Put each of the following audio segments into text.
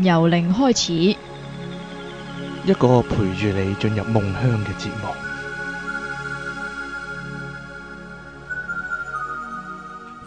由零開始，一個陪住你進入夢鄉嘅節目。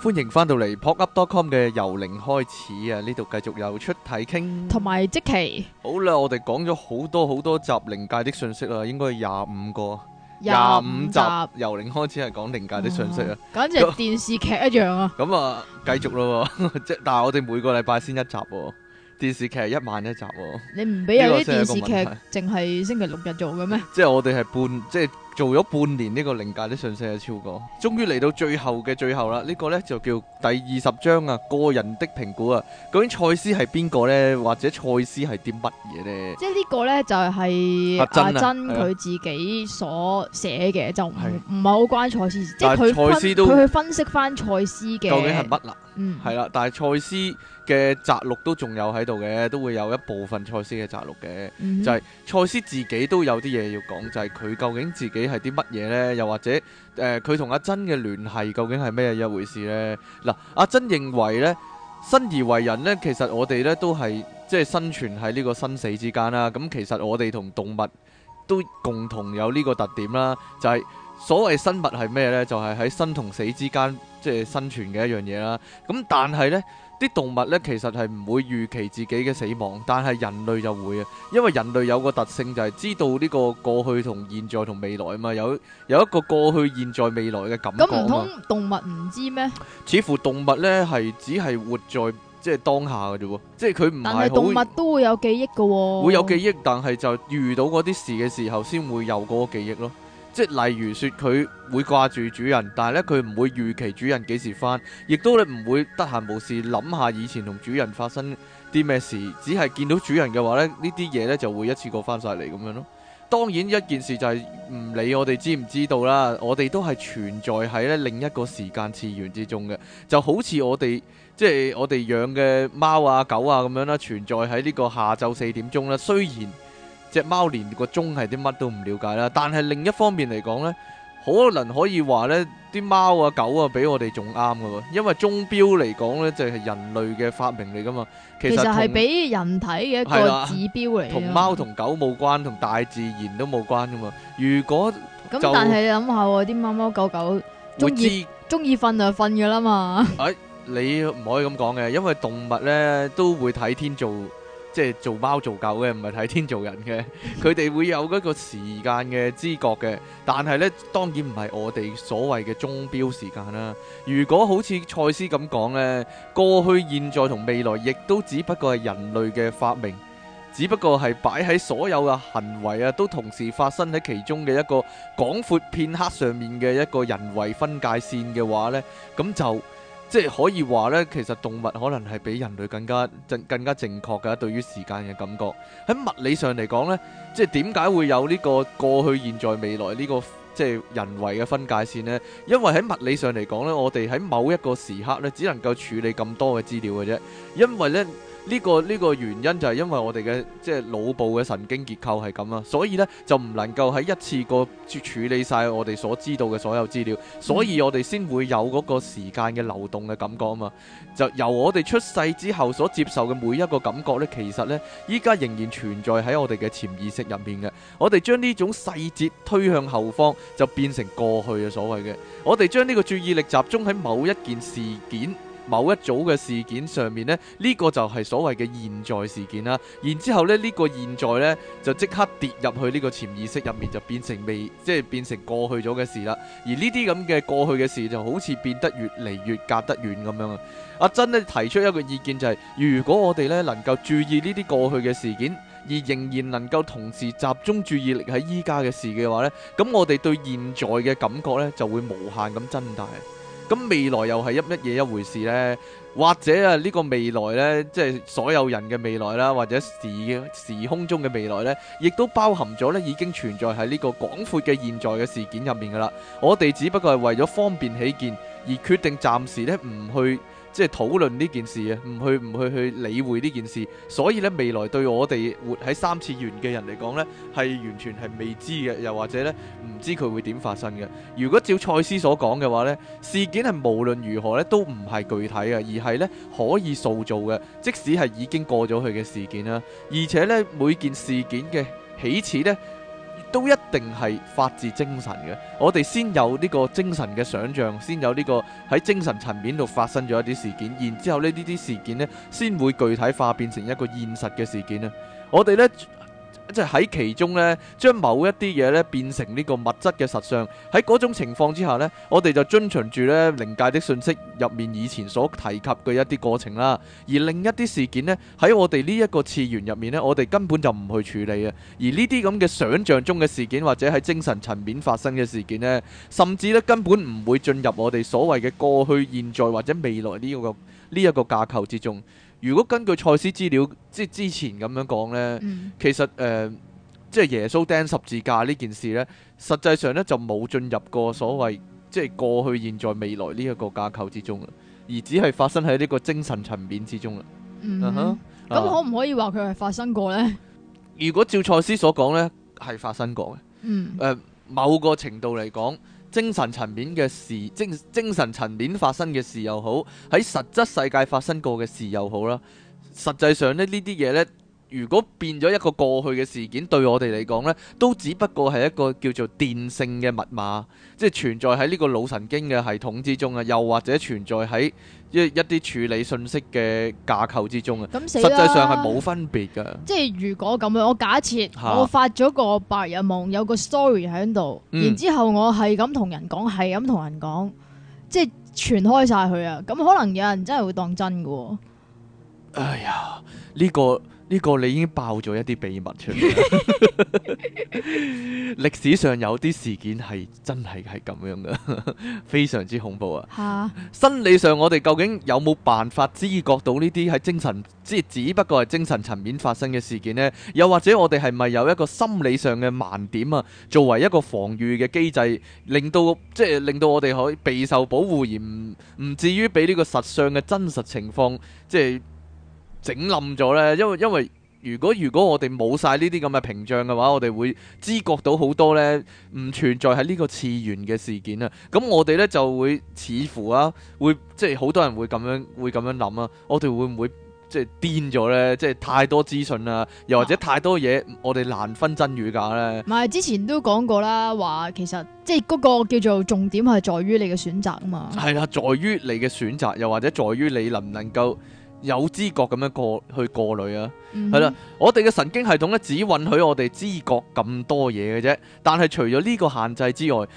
歡迎翻到嚟 popup.com 嘅由零開始啊！呢度繼續有出體傾，同埋即期。好啦，我哋講咗好多好多集靈界的訊息啦，應該廿五個，廿五集由零開始係講靈界的訊息啊。簡直電視劇一樣啊。咁啊，繼續咯，即係但係我哋每個禮拜先一集喎。電視劇一萬一集喎，你唔俾有啲電視劇淨係星期六日做嘅咩？即係我哋係半，即係做咗半年呢個靈界啲訊息，係超過。終於嚟到最後嘅最後啦，呢、這個咧就叫第二十章啊，個人的評估啊。究竟賽斯係邊個咧，或者賽斯係啲乜嘢咧？即係呢個咧就係阿珍佢自己所寫嘅，啊、就唔唔係好關賽斯，的即係佢佢去分析返賽斯嘅。究竟係乜啦？嗯，係啦，但係賽斯嘅摘錄都仲有喺度嘅，都會有一部分賽斯嘅摘錄嘅，嗯嗯就係賽斯自己都有啲嘢要講，就係、是、佢究竟自己係啲乜嘢呢？又或者誒，佢、呃、同阿珍嘅聯繫究竟係咩一回事呢？嗱，阿珍認為呢，生而為人呢，其實我哋呢都係即係生存喺呢個生死之間啦。咁其實我哋同動物都共同有呢個特點啦，就係、是。所謂生物係咩呢？就係喺生同死之間即係生存嘅一樣嘢啦。咁但係呢，啲動物呢，其實係唔會預期自己嘅死亡，但係人類就會啊。因為人類有個特性就係知道呢個過去同現在同未來啊嘛。有，有一個過去、現在未來嘅感覺。咁唔通動物唔知咩？似乎動物呢係只係活在即係當下嘅啫，即係佢唔係。但係動物都會有記憶噶。會有記憶，但係就遇到嗰啲事嘅時候，先會有嗰個記憶咯。即係例如說，佢會掛住主人，但係咧佢唔會預期主人幾時返，亦都咧唔會得閒無事諗下以前同主人發生啲咩事，只係見到主人嘅話咧，呢啲嘢咧就會一次過返晒嚟咁樣咯。當然一件事就係唔理我哋知唔知道啦，我哋都係存在喺咧另一個時間次元之中嘅，就好似我哋即係我哋養嘅貓啊、狗啊咁樣啦，存在喺呢個下晝四點鐘啦。雖然隻貓連個鐘係啲乜都唔了解啦，但係另一方面嚟講呢，可能可以話呢，啲貓啊狗啊比我哋仲啱噶喎，因為鐘表嚟講呢就係人類嘅發明嚟噶嘛，其實係比人體嘅一個指標嚟，同貓同狗冇關，同大自然都冇關噶嘛。如果咁，但係你諗下啲貓貓狗狗中意中意瞓就瞓噶啦嘛。誒，你唔可以咁講嘅，因為動物呢都會睇天做。即係做貓做狗嘅，唔係睇天做人嘅。佢 哋會有嗰個時間嘅知覺嘅，但係呢，當然唔係我哋所謂嘅鐘錶時間啦。如果好似賽斯咁講呢，過去、現在同未來，亦都只不過係人類嘅發明，只不過係擺喺所有嘅行為啊，都同時發生喺其中嘅一個廣闊片刻上面嘅一個人為分界線嘅話呢，咁就。即係可以話呢，其實動物可能係比人類更加正更加正確嘅對於時間嘅感覺。喺物理上嚟講呢，即係點解會有呢個過去、現在、未來呢個即係人為嘅分界線呢？因為喺物理上嚟講呢，我哋喺某一個時刻呢，只能夠處理咁多嘅資料嘅啫，因為呢。呢個呢個原因就係因為我哋嘅即係腦部嘅神經結構係咁啊，所以呢就唔能夠喺一次過處理晒我哋所知道嘅所有資料，所以我哋先會有嗰個時間嘅流動嘅感覺啊嘛。就由我哋出世之後所接受嘅每一個感覺呢，其實呢依家仍然存在喺我哋嘅潛意識入面嘅。我哋將呢種細節推向後方，就變成過去嘅所謂嘅。我哋將呢個注意力集中喺某一件事件。某一組嘅事件上面呢，呢個就係所謂嘅現在事件啦。然之後呢，呢個現在呢，就即刻跌入去呢個潛意識入面，就變成未即係變成過去咗嘅事啦。而呢啲咁嘅過去嘅事就好似變得越嚟越隔得遠咁樣啊。阿珍呢提出一個意見就係，如果我哋呢能夠注意呢啲過去嘅事件，而仍然能夠同時集中注意力喺依家嘅事嘅話呢，咁我哋對現在嘅感覺呢，就會無限咁增大。咁未來又係一乜嘢一回事呢？或者啊，呢個未來呢，即係所有人嘅未來啦，或者時時空中嘅未來呢，亦都包含咗呢已經存在喺呢個廣闊嘅現在嘅事件入面噶啦。我哋只不過係為咗方便起見而決定暫時呢唔去。即係討論呢件事啊，唔去唔去去理會呢件事，所以咧未來對我哋活喺三次元嘅人嚟講呢係完全係未知嘅，又或者呢唔知佢會點發生嘅。如果照賽斯所講嘅話呢事件係無論如何呢都唔係具體嘅，而係呢可以塑造嘅，即使係已經過咗佢嘅事件啦，而且呢，每件事件嘅起始呢。都一定係發自精神嘅，我哋先有呢個精神嘅想象，先有呢個喺精神層面度發生咗一啲事件，然之後呢呢啲事件呢，先會具體化變成一個現實嘅事件咧。我哋呢。即係喺其中呢，將某一啲嘢，呢，變成呢個物質嘅實相。喺嗰種情況之下呢，我哋就遵循住呢「靈界的信息」入面以前所提及嘅一啲過程啦。而另一啲事件呢，喺我哋呢一個次元入面呢，我哋根本就唔去處理啊。而呢啲咁嘅想象中嘅事件，或者喺精神層面發生嘅事件呢，甚至呢，根本唔會進入我哋所謂嘅過去、現在或者未來呢個呢一個架構之中。如果根據賽斯資料，即係之前咁樣講呢，嗯、其實誒、呃，即係耶穌釘十字架呢件事呢，實際上呢就冇進入過所謂即係過去、現在、未來呢一個架構之中啦，而只係發生喺呢個精神層面之中啦。啊哈，咁可唔可以話佢係發生過呢？如果照賽斯所講呢，係發生過嘅。嗯、呃，某個程度嚟講。精神層面嘅事，精精神層面發生嘅事又好，喺實質世界發生過嘅事又好啦，實際上咧呢啲嘢咧。如果變咗一個過去嘅事件，對我哋嚟講呢都只不過係一個叫做電性嘅密碼，即係存在喺呢個腦神經嘅系統之中啊，又或者存在喺一一啲處理信息嘅架構之中啊。咁死啦！實際上係冇分別嘅。即係如果咁樣，我假設我發咗個白日夢，有個 story 喺度，啊、然後之後我係咁同人講，係咁同人講，嗯、即係傳開晒佢啊！咁可能有人真係會當真嘅喎。哎呀，呢、這個～呢個你已經爆咗一啲秘密出嚟。 歷史上有啲事件係真係係咁樣嘅， 非常之恐怖啊，啊！心理上我哋究竟有冇辦法知覺到呢啲喺精神，即係只不過係精神層面發生嘅事件呢？又或者我哋係咪有一個心理上嘅盲點啊？作為一個防禦嘅機制，令到即係令到我哋可以備受保護，而唔至於俾呢個實相嘅真實情況，即係。整冧咗呢？因為因為如果如果我哋冇晒呢啲咁嘅屏障嘅話，我哋會知覺到好多呢唔存在喺呢個次元嘅事件啊。咁我哋呢就會似乎啊，會即係好多人會咁樣會咁樣諗啊。我哋會唔會即係癲咗呢？即係太多資訊啦，又或者太多嘢，啊、我哋難分真與假呢？唔係之前都講過啦，話其實即係嗰、嗰個叫做重點係在於你嘅選擇啊嘛。係啦、啊，在於你嘅選擇，又或者在於你能唔能夠。有知覺咁樣過去過濾啊，係啦、mm hmm.，我哋嘅神經系統咧只允許我哋知覺咁多嘢嘅啫。但係除咗呢個限制之外，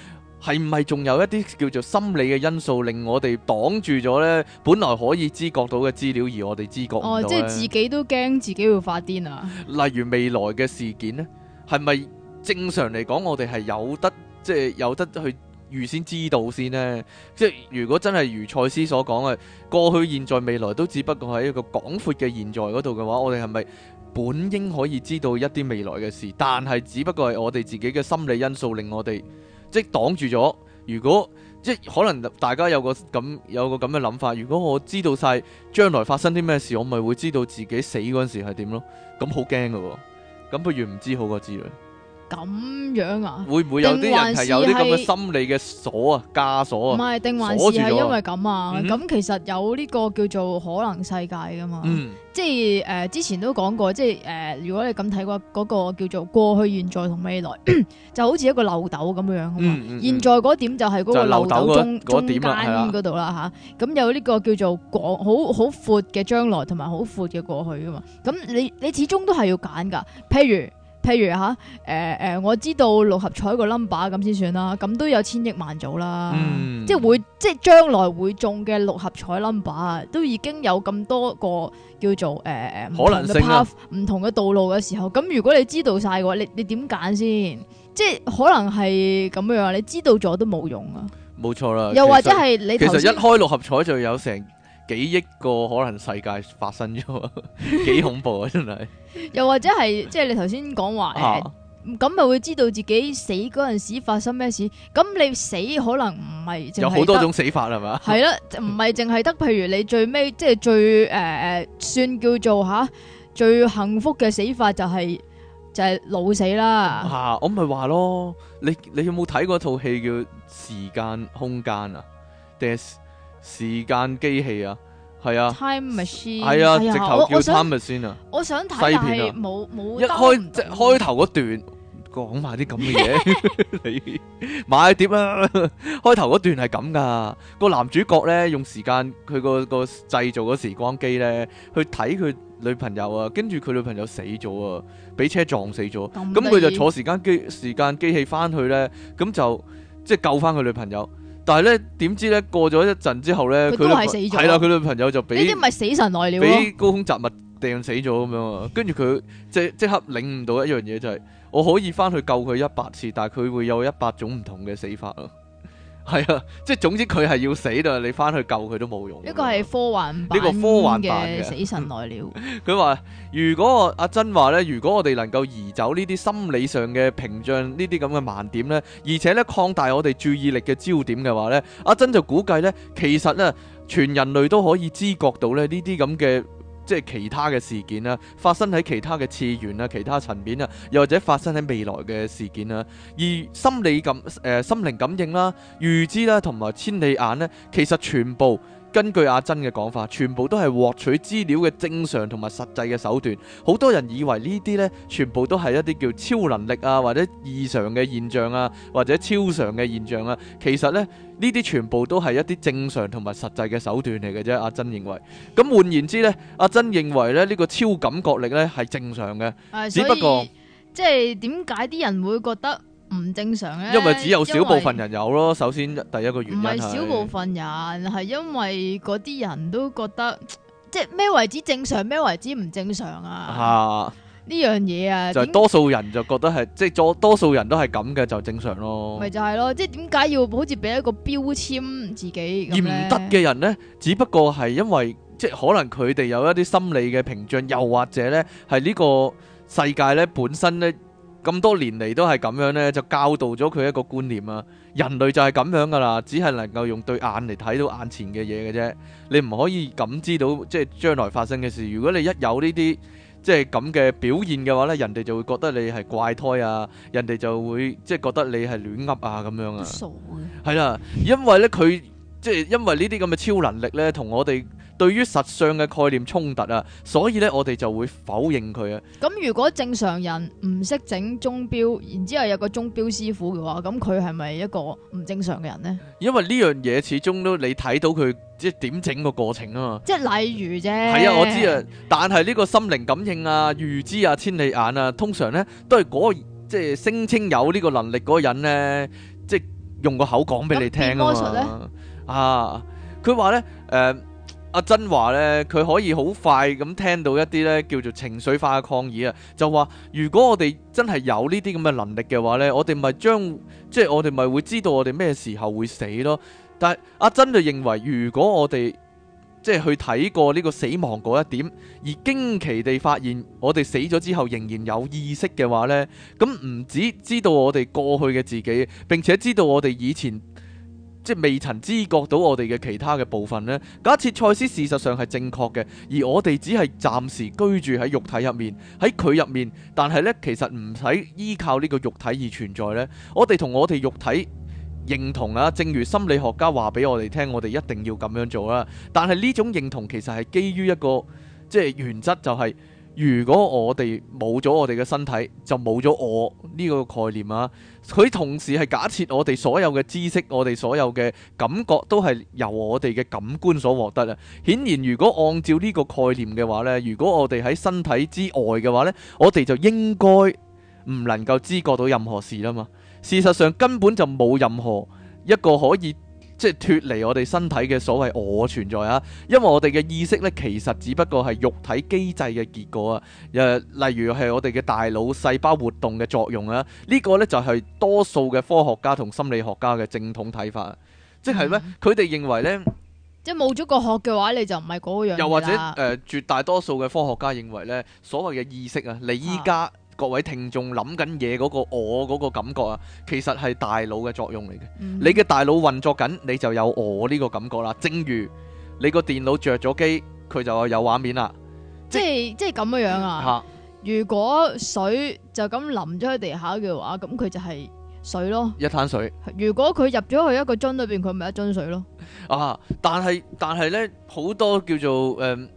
係唔係仲有一啲叫做心理嘅因素令我哋擋住咗呢？本來可以知覺到嘅資料而我哋知覺唔到？哦，即係自己都驚自己會發癲啊！例如未來嘅事件呢，係咪正常嚟講我哋係有得即係、就是、有得去？預先知道先呢？即係如果真係如賽斯所講嘅，過去、現在、未來都只不過係一個廣闊嘅現在嗰度嘅話，我哋係咪本應可以知道一啲未來嘅事？但係只不過係我哋自己嘅心理因素令我哋即係擋住咗。如果即係可能大家有個咁有個咁嘅諗法，如果我知道晒將來發生啲咩事，我咪會知道自己死嗰陣時係點咯？咁好驚噶，咁不如唔知好過知。咁樣啊？會唔會有啲人係有呢個心理嘅鎖啊？枷鎖啊？唔係是，定、啊、還是係因為咁啊？咁、嗯、其實有呢個叫做可能世界噶嘛？嗯、即係誒、呃，之前都講過，即係誒、呃，如果你咁睇嘅嗰個叫做過去、現在同未來， 就好似一個漏斗咁樣啊嘛。嗯，嗯，嗯，嗯，現在嗰點就係嗰個漏斗中漏中間嗰度啦吓。咁有呢個叫做好好好闊嘅將來同埋好闊嘅過去噶嘛？咁你你始終都係要揀噶。譬如。譬如吓，誒、呃、誒、呃，我知道六合彩個 number 咁先算啦，咁都有千億萬組啦、嗯，即係會即係將來會中嘅六合彩 number 都已經有咁多個叫做誒誒，唔、可能啊、同唔同嘅道路嘅時候，咁如果你知道晒嘅話，你你點揀先？即係可能係咁樣，你知道咗都冇用啊，冇錯啦。又或者係你其實,其實一開六合彩就有成。幾億個可能世界發生咗，幾 恐怖啊！真係， 又或者係即係你頭先講話，咁咪會知道自己死嗰陣時發生咩事？咁你死可能唔係有好多種死法係嘛？係啦， 唔係淨係得，譬如你最尾即係最誒誒、呃，算叫做吓、啊、最幸福嘅死法就係、是、就係、是、老死啦。吓、啊，我咪話咯，你你有冇睇過套戲叫時間《時間空間》啊？定係？時間機器啊，係啊，係啊，直頭接叫我 time machine 啊。我，我想睇，但係冇冇一開即開頭嗰段講埋啲咁嘅嘢，買碟啦，啊。開頭嗰段係咁噶，個男主角咧用時間佢個個製造嗰時光機咧去睇佢女朋友啊，跟住佢女朋友死咗啊，俾車撞死咗。咁佢就坐時間機時間機器翻去咧，咁就即係救翻佢女朋友。但係咧，點知咧？過咗一陣之後咧，佢都係死咗。係啦，佢女朋友就俾呢啲唔係死神來了，俾高空雜物掟死咗咁樣。跟住佢即即刻領悟到一樣嘢，就係、是、我可以返去救佢一百次，但係佢會有一百種唔同嘅死法咯。係啊，即係總之佢係要死，但你翻去救佢都冇用。一個係科幻版，呢個科幻版嘅死神來了。佢 話，如果阿珍話呢，如果我哋能夠移走呢啲心理上嘅屏障，呢啲咁嘅盲點呢，而且呢擴大我哋注意力嘅焦點嘅話呢，阿珍就估計呢，其實呢，全人類都可以知覺到咧呢啲咁嘅。這即係其他嘅事件啦，發生喺其他嘅次元啦、其他層面啊，又或者發生喺未來嘅事件啦。而心理感、誒、呃、心靈感應啦、預知啦，同埋千里眼咧，其實全部。根據阿珍嘅講法，全部都係獲取資料嘅正常同埋實際嘅手段。好多人以為呢啲呢，全部都係一啲叫超能力啊，或者異常嘅現象啊，或者超常嘅現象啊。其實呢，呢啲全部都係一啲正常同埋實際嘅手段嚟嘅啫。阿珍認為，咁換言之呢，阿珍認為咧，呢個超感覺力呢係正常嘅，呃、只不過即係點解啲人會覺得唔正常咧，因為只有少部分人有咯。為首先，第一個原因唔係少部分人，係因為嗰啲人都覺得，即係咩為止正常，咩為止唔正常啊？吓呢樣嘢啊，啊就多數人就覺得係，即係 多多數人都係咁嘅就是，正常咯。咪就係咯，即係點解要好似俾一個標籤自己？而唔得嘅人咧，只不過係因為即係可能佢哋有一啲心理嘅屏障，又或者咧係呢個世界咧本身咧。咁多年嚟都係咁樣呢，就教導咗佢一個觀念啊！人類就係咁樣噶啦，只係能夠用對眼嚟睇到眼前嘅嘢嘅啫，你唔可以感知到即係將來發生嘅事。如果你一有呢啲即係咁嘅表現嘅話呢，人哋就會覺得你係怪胎啊，人哋就會即係覺得你係亂噏啊咁樣啊。傻嘅，係啦，因為呢，佢。即係因為呢啲咁嘅超能力呢，同我哋對於實相嘅概念衝突啊，所以呢，我哋就會否認佢啊。咁如果正常人唔識整鐘表，然之後有個鐘表師傅嘅話，咁佢係咪一個唔正常嘅人呢？因為呢樣嘢始終都你睇到佢即點整個過程啊嘛。即係例如啫。係啊，我知啊。但係呢個心靈感應啊、預知啊、千里眼啊，通常呢都係嗰、嗰個、即係聲稱有呢個能力嗰個人呢，即係用個口講俾你聽啊嘛。啊！佢話呢，誒、呃，阿珍話呢，佢可以好快咁聽到一啲呢，叫做情緒化嘅抗議啊，就話如果我哋真係有呢啲咁嘅能力嘅話呢，我哋咪將，即係我哋咪會知道我哋咩時候會死咯。但係阿珍就認為，如果我哋即係去睇過呢個死亡嗰一點，而驚奇地發現我哋死咗之後仍然有意識嘅話呢，咁唔止知道我哋過去嘅自己，並且知道我哋以前。即未曾知覺到我哋嘅其他嘅部分呢。假設賽斯事實上係正確嘅，而我哋只係暫時居住喺肉體入面，喺佢入面。但係呢，其實唔使依靠呢個肉體而存在呢。我哋同我哋肉體認同啊，正如心理學家話俾我哋聽，我哋一定要咁樣做啦。但係呢種認同其實係基於一個即係原則，就係，就係。如果我哋冇咗我哋嘅身體就冇咗我呢個概念啊！佢同時係假設我哋所有嘅知識，我哋所有嘅感覺都係由我哋嘅感官所獲得啊！顯然，如果按照呢個概念嘅話咧，如果我哋喺身體之外嘅話咧，我哋就應該唔能夠知覺到任何事啦嘛！事實上根本就冇任何一個可以。即係脫離我哋身體嘅所謂我存在啊，因為我哋嘅意識呢，其實只不過係肉體機制嘅結果啊。誒、呃，例如係我哋嘅大腦細胞活動嘅作用啊，呢、這個呢就係、是、多數嘅科學家同心理學家嘅正統睇法，即係咩？佢哋、嗯、認為呢，即冇咗個殼嘅話，你就唔係嗰個樣。又或者誒、呃，絕大多數嘅科學家認為呢，所謂嘅意識啊，你依家。啊各位聽眾諗緊嘢嗰個我嗰個感覺啊，其實係大腦嘅作用嚟嘅。Mm hmm. 你嘅大腦運作緊，你就有我呢個感覺啦。正如你個電腦着咗機，佢就有畫面啦。即係即係咁樣樣啊。啊，如果水就咁淋咗喺地下嘅話，咁佢就係水咯。一灘水。如果佢入咗去一個樽裏邊，佢咪一樽水咯。啊！但係但係咧，好多叫做誒。嗯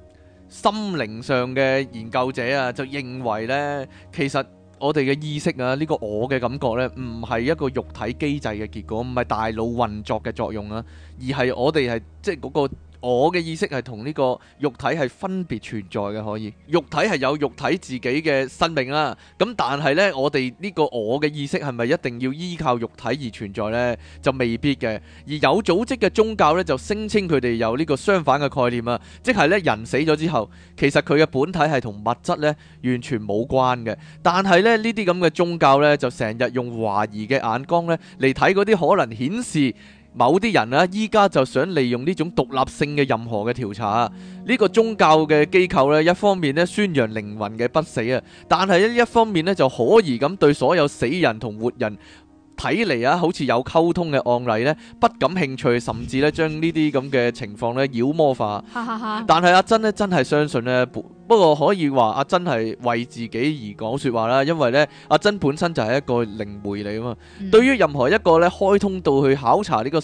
心靈上嘅研究者啊，就認為咧，其實我哋嘅意識啊，呢個我嘅感覺咧，唔係一個肉體機制嘅結果，唔係大腦運作嘅作用啊，而係我哋係即係嗰個。我嘅意識係同呢個肉體係分別存在嘅，可以。肉體係有肉體自己嘅生命啦。咁但係呢，我哋呢個我嘅意識係咪一定要依靠肉體而存在呢？就未必嘅。而有組織嘅宗教呢，就聲稱佢哋有呢個相反嘅概念啊，即係呢，人死咗之後，其實佢嘅本體係同物質呢完全冇關嘅。但係呢，呢啲咁嘅宗教呢，就成日用懷疑嘅眼光呢嚟睇嗰啲可能顯示。某啲人咧，依家就想利用呢種獨立性嘅任何嘅調查啊。呢個宗教嘅機構咧，一方面咧宣揚靈魂嘅不死啊，但係咧一方面咧就可疑咁對所有死人同活人睇嚟啊，好似有溝通嘅案例咧，不感興趣，甚至咧將呢啲咁嘅情況咧妖魔化。但係阿珍咧真係相信咧。不過可以話阿珍係為自己而講説話啦，因為呢，阿珍本身就係一個靈媒嚟啊嘛。嗯、對於任何一個咧開通到去考察呢個、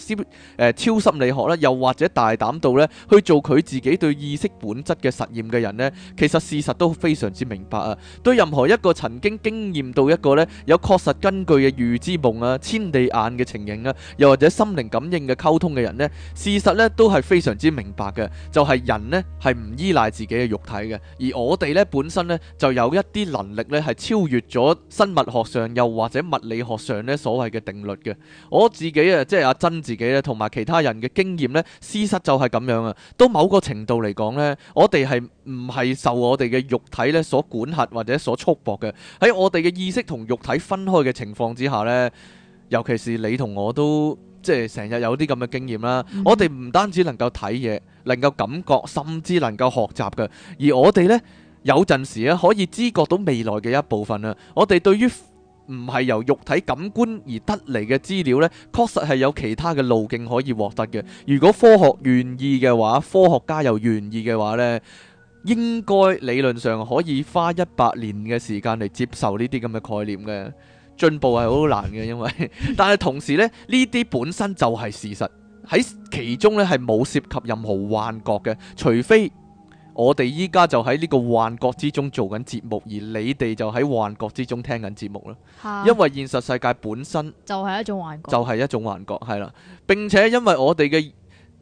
呃、超心理學啦，又或者大膽到咧去做佢自己對意識本質嘅實驗嘅人呢，其實事實都非常之明白啊。對任何一個曾經經驗到一個咧有確實根據嘅預知夢啊、千里眼嘅情形啊，又或者心靈感應嘅溝通嘅人呢，事實呢都係非常之明白嘅，就係、是、人呢，係唔依賴自己嘅肉體嘅。而我哋咧本身咧就有一啲能力咧係超越咗生物學上又或者物理學上咧所謂嘅定律嘅。我自己啊，即係阿珍自己咧，同埋其他人嘅經驗咧，事實就係咁樣啊。都某個程度嚟講咧，我哋係唔係受我哋嘅肉體咧所管轄或者所束縛嘅。喺我哋嘅意識同肉體分開嘅情況之下咧，尤其是你同我都。即係成日有啲咁嘅經驗啦，我哋唔單止能夠睇嘢，能夠感覺，甚至能夠學習嘅。而我哋呢，有陣時咧可以知覺到未來嘅一部分啊。我哋對於唔係由肉體感官而得嚟嘅資料呢，確實係有其他嘅路徑可以獲得嘅。如果科學願意嘅話，科學家又願意嘅話呢，應該理論上可以花一百年嘅時間嚟接受呢啲咁嘅概念嘅。進步係好難嘅，因為，但係同時咧，呢啲本身就係事實，喺其中咧係冇涉及任何幻覺嘅，除非我哋依家就喺呢個幻覺之中做緊節目，而你哋就喺幻覺之中聽緊節目啦。因為現實世界本身就係一種幻覺，就係一種幻覺，係喇。並且因為我哋嘅。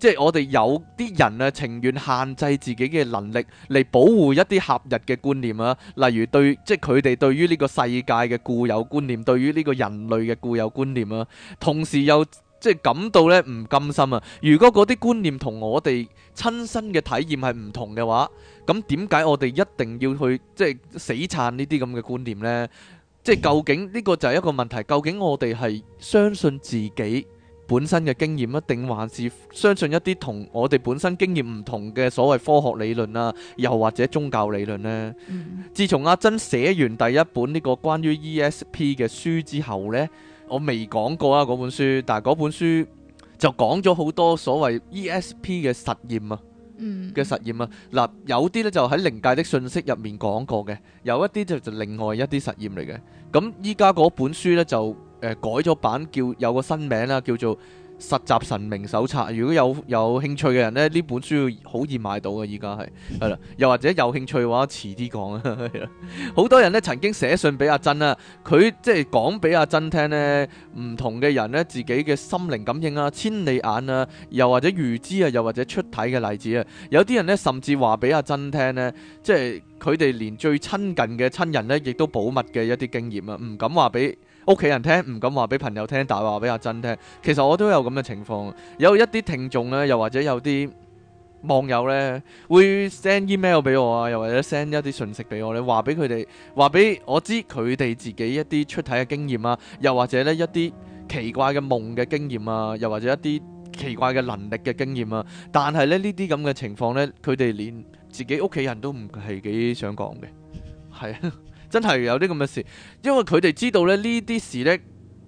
即係我哋有啲人咧，情願限制自己嘅能力嚟保護一啲合日嘅觀念啊，例如對即係佢哋對於呢個世界嘅固有觀念，對於呢個人類嘅固有觀念啦，同時又即係感到咧唔甘心啊！如果嗰啲觀念同我哋親身嘅體驗係唔同嘅話，咁點解我哋一定要去即係死撐呢啲咁嘅觀念呢？即係究竟呢個就係一個問題，究竟我哋係相信自己本身嘅經驗啊，定還是相信一啲同我哋本身經驗唔同嘅所謂科學理論啊，又或者宗教理論呢？啊。嗯，自從阿珍寫完第一本呢個關於 ESP 嘅書之後呢，我未講過啊嗰本書，但係嗰本書就講咗好多所謂 ESP 嘅實驗啊，嗯，嘅實驗啊，嗱，有啲呢就喺靈界的訊息入面講過嘅，有一啲就就另外一啲實驗嚟嘅，咁依家嗰本書呢就。誒、呃，改咗版叫有個新名啦，叫做《實習神明手冊》。如果有有興趣嘅人呢，呢本書好易買到嘅，依家係係啦。又或者有興趣嘅話，遲啲講啦。好多人呢曾經寫信俾阿珍啦，啊，佢即係講俾阿珍聽呢，唔同嘅人呢，自己嘅心靈感應啊、千里眼啊，又或者預知啊，又或者出體嘅例子啊。有啲人呢，甚至話俾阿珍聽呢，即係佢哋連最親近嘅親人呢，亦都保密嘅一啲經驗啊，唔敢話俾。屋企人聽，唔敢話俾朋友聽，但話俾阿珍聽。其實我都有咁嘅情況，有一啲聽眾呢，又或者有啲網友呢，會 send email 俾我啊，又或者 send 一啲訊息俾我咧，話俾佢哋，話俾我知佢哋自己一啲出體嘅經驗啊，又或者呢一啲奇怪嘅夢嘅經驗啊，又或者一啲奇怪嘅、啊、能力嘅經驗啊，但係咧呢啲咁嘅情況呢，佢哋連自己屋企人都唔係幾想講嘅，係啊。真係有啲咁嘅事，因為佢哋知道咧，呢啲事呢，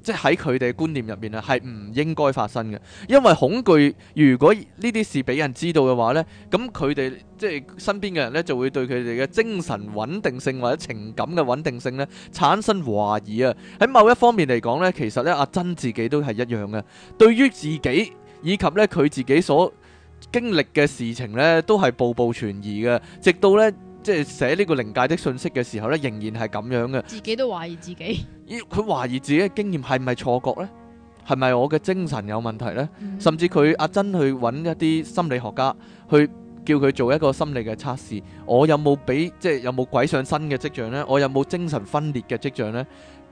即係佢哋嘅觀念入面咧，係唔應該發生嘅。因為恐懼，如果呢啲事俾人知道嘅話呢，咁佢哋即係身邊嘅人呢就會對佢哋嘅精神穩定性或者情感嘅穩定性呢產生懷疑啊！喺某一方面嚟講呢，其實呢，阿珍自己都係一樣嘅，對於自己以及呢佢自己所經歷嘅事情呢都係步步存疑嘅，直到呢。即係寫呢個靈界的信息嘅時候咧，仍然係咁樣嘅。自己都懷疑自己。佢懷疑自己嘅經驗係咪錯覺呢？係咪我嘅精神有問題呢？嗯、甚至佢阿珍去揾一啲心理學家去叫佢做一個心理嘅測試，我有冇俾，即係有冇鬼上身嘅迹象呢？我有冇精神分裂嘅迹象呢？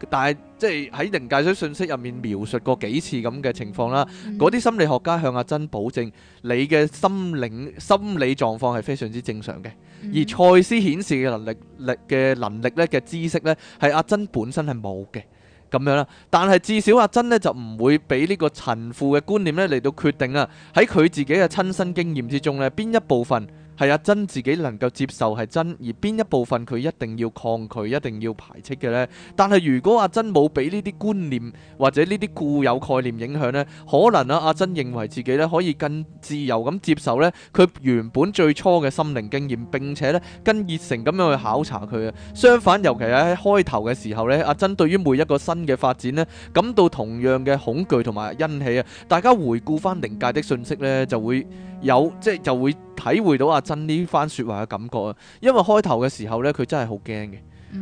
但係即係喺《靈界》水信息入面描述過幾次咁嘅情況啦。嗰啲、嗯、心理學家向阿珍保證你，你嘅心靈心理狀況係非常之正常嘅。嗯、而賽斯顯示嘅能力力嘅能力咧嘅知識咧，係阿珍本身係冇嘅咁樣啦。但係至少阿珍呢，就唔會俾呢個陳腐嘅觀念咧嚟到決定啊。喺佢自己嘅親身經驗之中咧，邊一部分，係阿珍自己能夠接受係真，而邊一部分佢一定要抗拒、一定要排斥嘅呢？但係如果阿珍冇俾呢啲觀念或者呢啲固有概念影響呢，可能啊，阿珍認為自己呢可以更自由咁接受呢佢原本最初嘅心靈經驗，並且呢更熱誠咁樣去考察佢啊。相反，尤其係喺開頭嘅時候呢，阿珍對於每一個新嘅發展呢，感到同樣嘅恐懼同埋欣喜啊。大家回顧翻靈界的訊息呢，就會。有即係就會體會到阿珍呢番説話嘅感覺啊，因為開頭嘅時候呢，佢真係好驚嘅，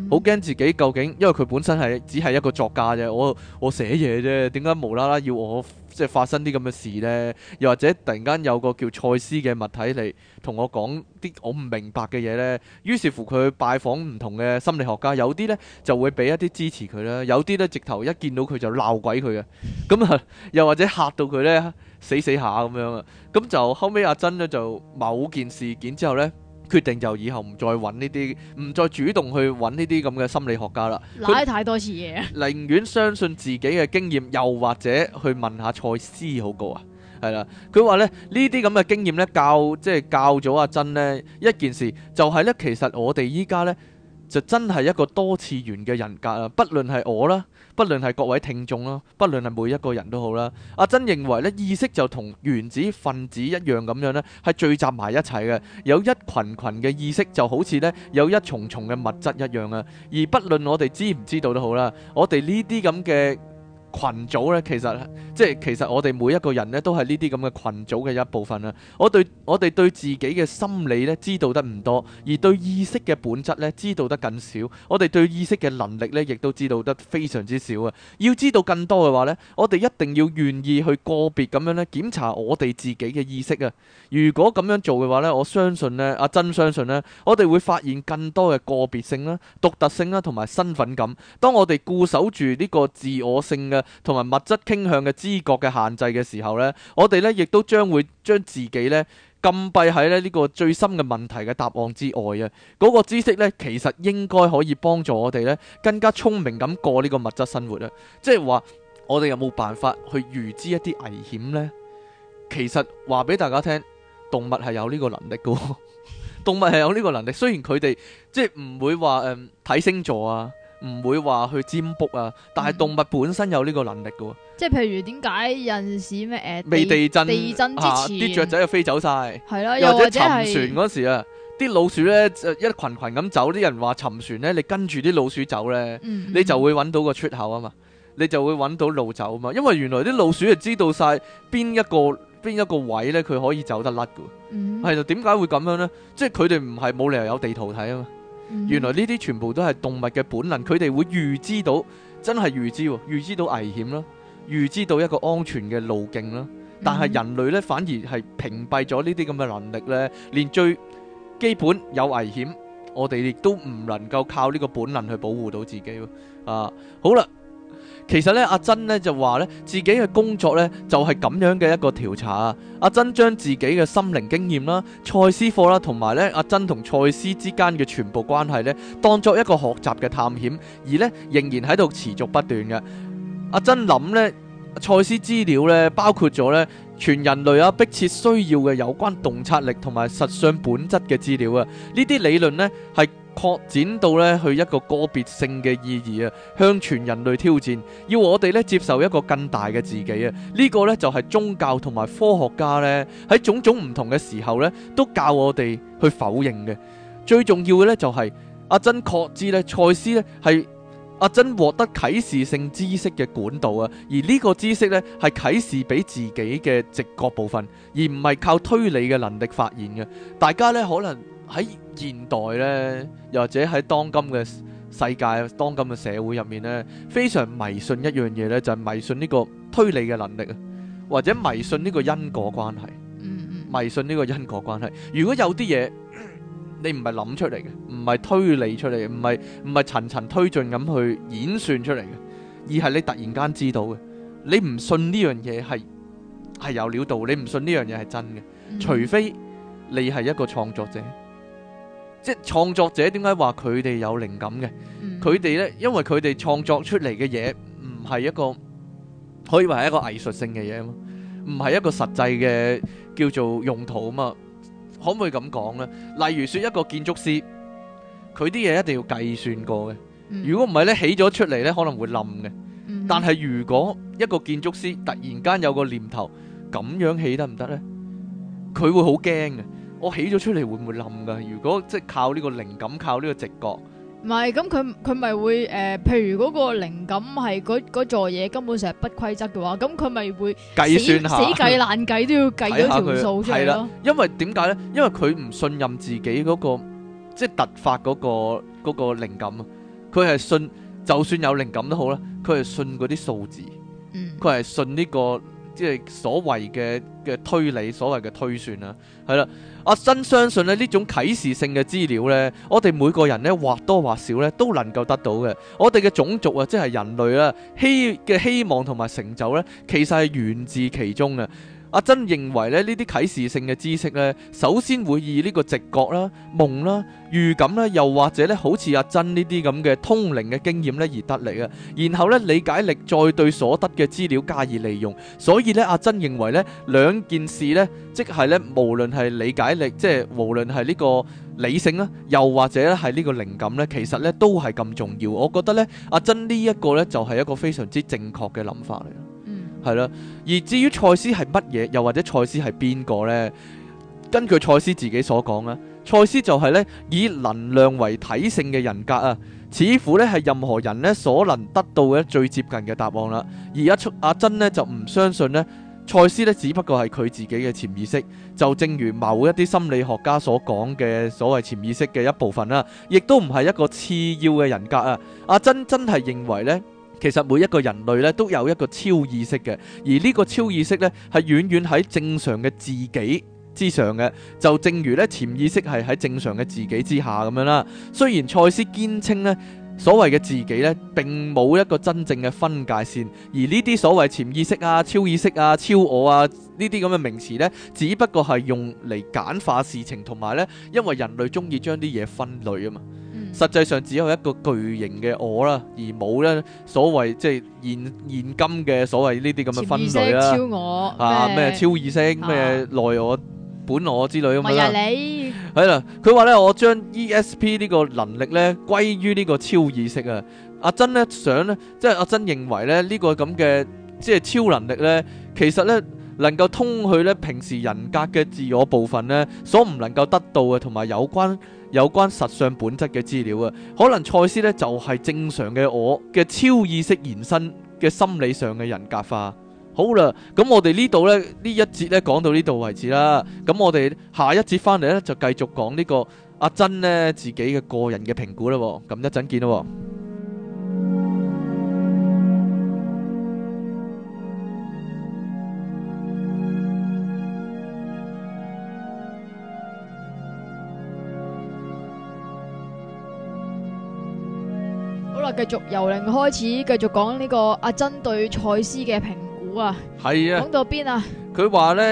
好驚、嗯、自己究竟，因為佢本身係只係一個作家啫，我我寫嘢啫，點解無啦啦要我即係發生啲咁嘅事呢？又或者突然間有個叫賽斯嘅物體嚟同我講啲我唔明白嘅嘢呢？於是乎佢去拜訪唔同嘅心理學家，有啲呢就會俾一啲支持佢啦，有啲呢直頭一見到佢就鬧鬼佢啊，咁啊又或者嚇到佢呢。死死下咁樣啊！咁就後尾阿珍呢，就某件事件之後呢，決定就以後唔再搵呢啲，唔再主動去搵呢啲咁嘅心理學家啦。拉太多次嘢，寧 願樂相信自己嘅經驗，又或者去問下賽斯好過啊？係啦，佢話呢，呢啲咁嘅經驗呢，教即係教咗阿珍呢一件事，就係呢。其實我哋依家呢，就真係一個多次元嘅人格啊！不論係我啦。不論係各位聽眾咯，不論係每一個人都好啦，阿珍認為咧意識就同原子分子一樣咁樣咧，係聚集埋一齊嘅，有一群群嘅意識就好似咧有一重重嘅物質一樣啊，而不論我哋知唔知道都好啦，我哋呢啲咁嘅。群組咧，其實即係其實我哋每一個人咧，都係呢啲咁嘅群組嘅一部分啊，我對我哋對自己嘅心理咧，知道得唔多，而對意識嘅本質咧，知道得更少。我哋對意識嘅能力咧，亦都知道得非常之少啊。要知道更多嘅話咧，我哋一定要願意去個別咁樣咧檢查我哋自己嘅意識啊。如果咁樣做嘅話咧，我相信咧，阿、啊、珍相信咧，我哋會發現更多嘅個別性啦、獨特性啦，同埋身份感。當我哋固守住呢個自我性嘅。同埋物質傾向嘅知覺嘅限制嘅時候呢，我哋呢亦都將會將自己呢禁閉喺呢呢個最深嘅問題嘅答案之外啊！嗰個知識呢，其實應該可以幫助我哋呢更加聰明咁過呢個物質生活啊！即係話，我哋有冇辦法去預知一啲危險呢？其實話俾大家聽，動物係有呢個能力嘅。 動物係有呢個能力。雖然佢哋即係唔會話誒睇星座啊。唔會話去占卜啊，但係動物本身有呢個能力嘅、啊嗯。即係譬如點解有陣時咩誒未地震，地震之前啲、啊、雀仔就飛走晒。係咯了，又或者沉船嗰時啊，啲老鼠咧一群群咁走，啲人話沉船咧，你跟住啲老鼠走咧，嗯嗯嗯你就會揾到個出口啊嘛，你就會揾到路走啊嘛，因為原來啲老鼠啊知道晒邊一個邊一個位咧，佢可以走得甩噶。係就點解會咁樣呢？即係佢哋唔係冇理由有地圖睇啊嘛。原來呢啲全部都係動物嘅本能，佢哋會預知到，真係預知喎，預知到危險啦，預知到一個安全嘅路徑啦。但係人類呢，反而係屏蔽咗呢啲咁嘅能力呢，連最基本有危險，我哋亦都唔能夠靠呢個本能去保護到自己。啊，好啦。其實咧，阿珍咧就話咧，自己嘅工作咧就係咁樣嘅一個調查啊。阿珍將自己嘅心靈經驗啦、賽斯課啦，同埋咧阿珍同賽斯之間嘅全部關係咧，當作一個學習嘅探險，而咧仍然喺度持續不斷嘅。阿珍諗咧，賽斯資料咧，包括咗咧全人類啊迫切需要嘅有關洞察力同埋實相本質嘅資料啊。呢啲理論咧係。擴展到咧去一個個別性嘅意義啊，向全人類挑戰，要我哋咧接受一個更大嘅自己啊！呢、呢個呢，就係宗教同埋科學家呢，喺種種唔同嘅時候呢，都教我哋去否認嘅。最重要嘅呢、就係，就係阿珍確知呢，賽斯呢係阿珍獲得啟示性知識嘅管道啊，而呢個知識呢，係啟示俾自己嘅直覺部分，而唔係靠推理嘅能力發現嘅。大家呢，可能喺。現代咧，又或者喺當今嘅世界、當今嘅社會入面咧，非常迷信一樣嘢咧，就係迷信呢個推理嘅能力啊，或者迷信呢個因果關係。嗯，迷信呢個因果關係。如果有啲嘢你唔係諗出嚟嘅，唔係推理出嚟嘅，唔係唔係層層推進咁去演算出嚟嘅，而係你突然間知道嘅。你唔信呢樣嘢係係有料到，你唔信呢樣嘢係真嘅，除非你係一個創作者。即係創作者，點解話佢哋有靈感嘅？佢哋、嗯、呢，因為佢哋創作出嚟嘅嘢唔係一個可以話係一個藝術性嘅嘢啊嘛，唔係一個實際嘅叫做用途啊嘛，可唔可以咁講呢？例如說一個建築師，佢啲嘢一定要計算過嘅，如果唔係呢，起咗出嚟呢，可能會冧嘅。嗯、但係如果一個建築師突然間有個念頭咁樣，起得唔得呢？佢會好驚嘅。我起咗出嚟會唔會冧㗎？如果即係靠呢個靈感，靠呢個直覺。唔係，咁佢佢咪會誒？譬如嗰個靈感係嗰嗰座嘢根本上係不規則嘅話，咁佢咪會計算下，死計爛計都要計咗條數出嚟咯。係啦，因為點解咧？因為佢唔信任自己嗰個即係突發嗰個嗰個靈感啊！佢係信，就算有靈感都好啦，佢係信嗰啲數字。嗯，佢係信呢個。即係所謂嘅嘅推理，所謂嘅推算啦，係啦，阿新相信咧呢種啟示性嘅資料呢，我哋每個人咧或多或少咧都能夠得到嘅，我哋嘅種族啊，即係人類啦希嘅希望同埋成就呢，其實係源自其中嘅。阿珍認為咧，呢啲啟示性嘅知識呢，首先會以呢個直覺啦、夢啦、預感啦，又或者咧，好似阿珍呢啲咁嘅通靈嘅經驗咧而得嚟嘅。然後咧，理解力再對所得嘅資料加以利用。所以呢，阿珍認為呢兩件事呢，即係呢，無論係理解力，即係無論係呢個理性啦，又或者係呢個靈感呢，其實呢都係咁重要。我覺得呢，阿珍呢一個呢，就係一個非常之正確嘅諗法嚟。係啦，而至於賽斯係乜嘢，又或者賽斯係邊個呢？根據賽斯自己所講啊，賽斯就係咧以能量為體性嘅人格啊，似乎咧係任何人咧所能得到嘅最接近嘅答案啦。而一出阿珍咧就唔相信咧，賽斯咧只不過係佢自己嘅潛意識，就正如某一啲心理學家所講嘅所謂潛意識嘅一部分啦，亦都唔係一個次要嘅人格啊。阿珍真係認為咧。其實每一個人類咧都有一個超意識嘅，而呢個超意識咧係遠遠喺正常嘅自己之上嘅，就正如咧潛意識係喺正常嘅自己之下咁樣啦。雖然賽斯堅稱咧所謂嘅自己咧並冇一個真正嘅分界線，而呢啲所謂潛意識啊、超意識啊、超我啊這這呢啲咁嘅名詞咧，只不過係用嚟簡化事情，同埋咧因為人類中意將啲嘢分類啊嘛。實際上只有一個巨型嘅我啦，而冇咧所謂即係現現今嘅所謂呢啲咁嘅分類啦。超我啊，咩超意識，咩內、啊、我、本我之類咁啦。係啦，佢話咧，我將 ESP 呢個能力咧歸於呢個超意識啊。阿珍咧想咧，即係阿珍認為咧呢、這個咁嘅即係超能力咧，其實咧能夠通去咧平時人格嘅自我部分咧所唔能夠得到嘅，同埋有，有關。有關實相本質嘅資料啊，可能賽斯呢就係正常嘅我嘅超意識延伸嘅心理上嘅人格化。好啦，咁我哋呢度呢，呢一節呢講到呢度為止啦。咁我哋下一節翻嚟呢，就繼續講呢個阿珍呢自己嘅個人嘅評估啦。咁一陣見咯。繼續由零開始，繼續講呢個阿珍對賽斯嘅評估啊。係啊，講到邊啊？佢話呢，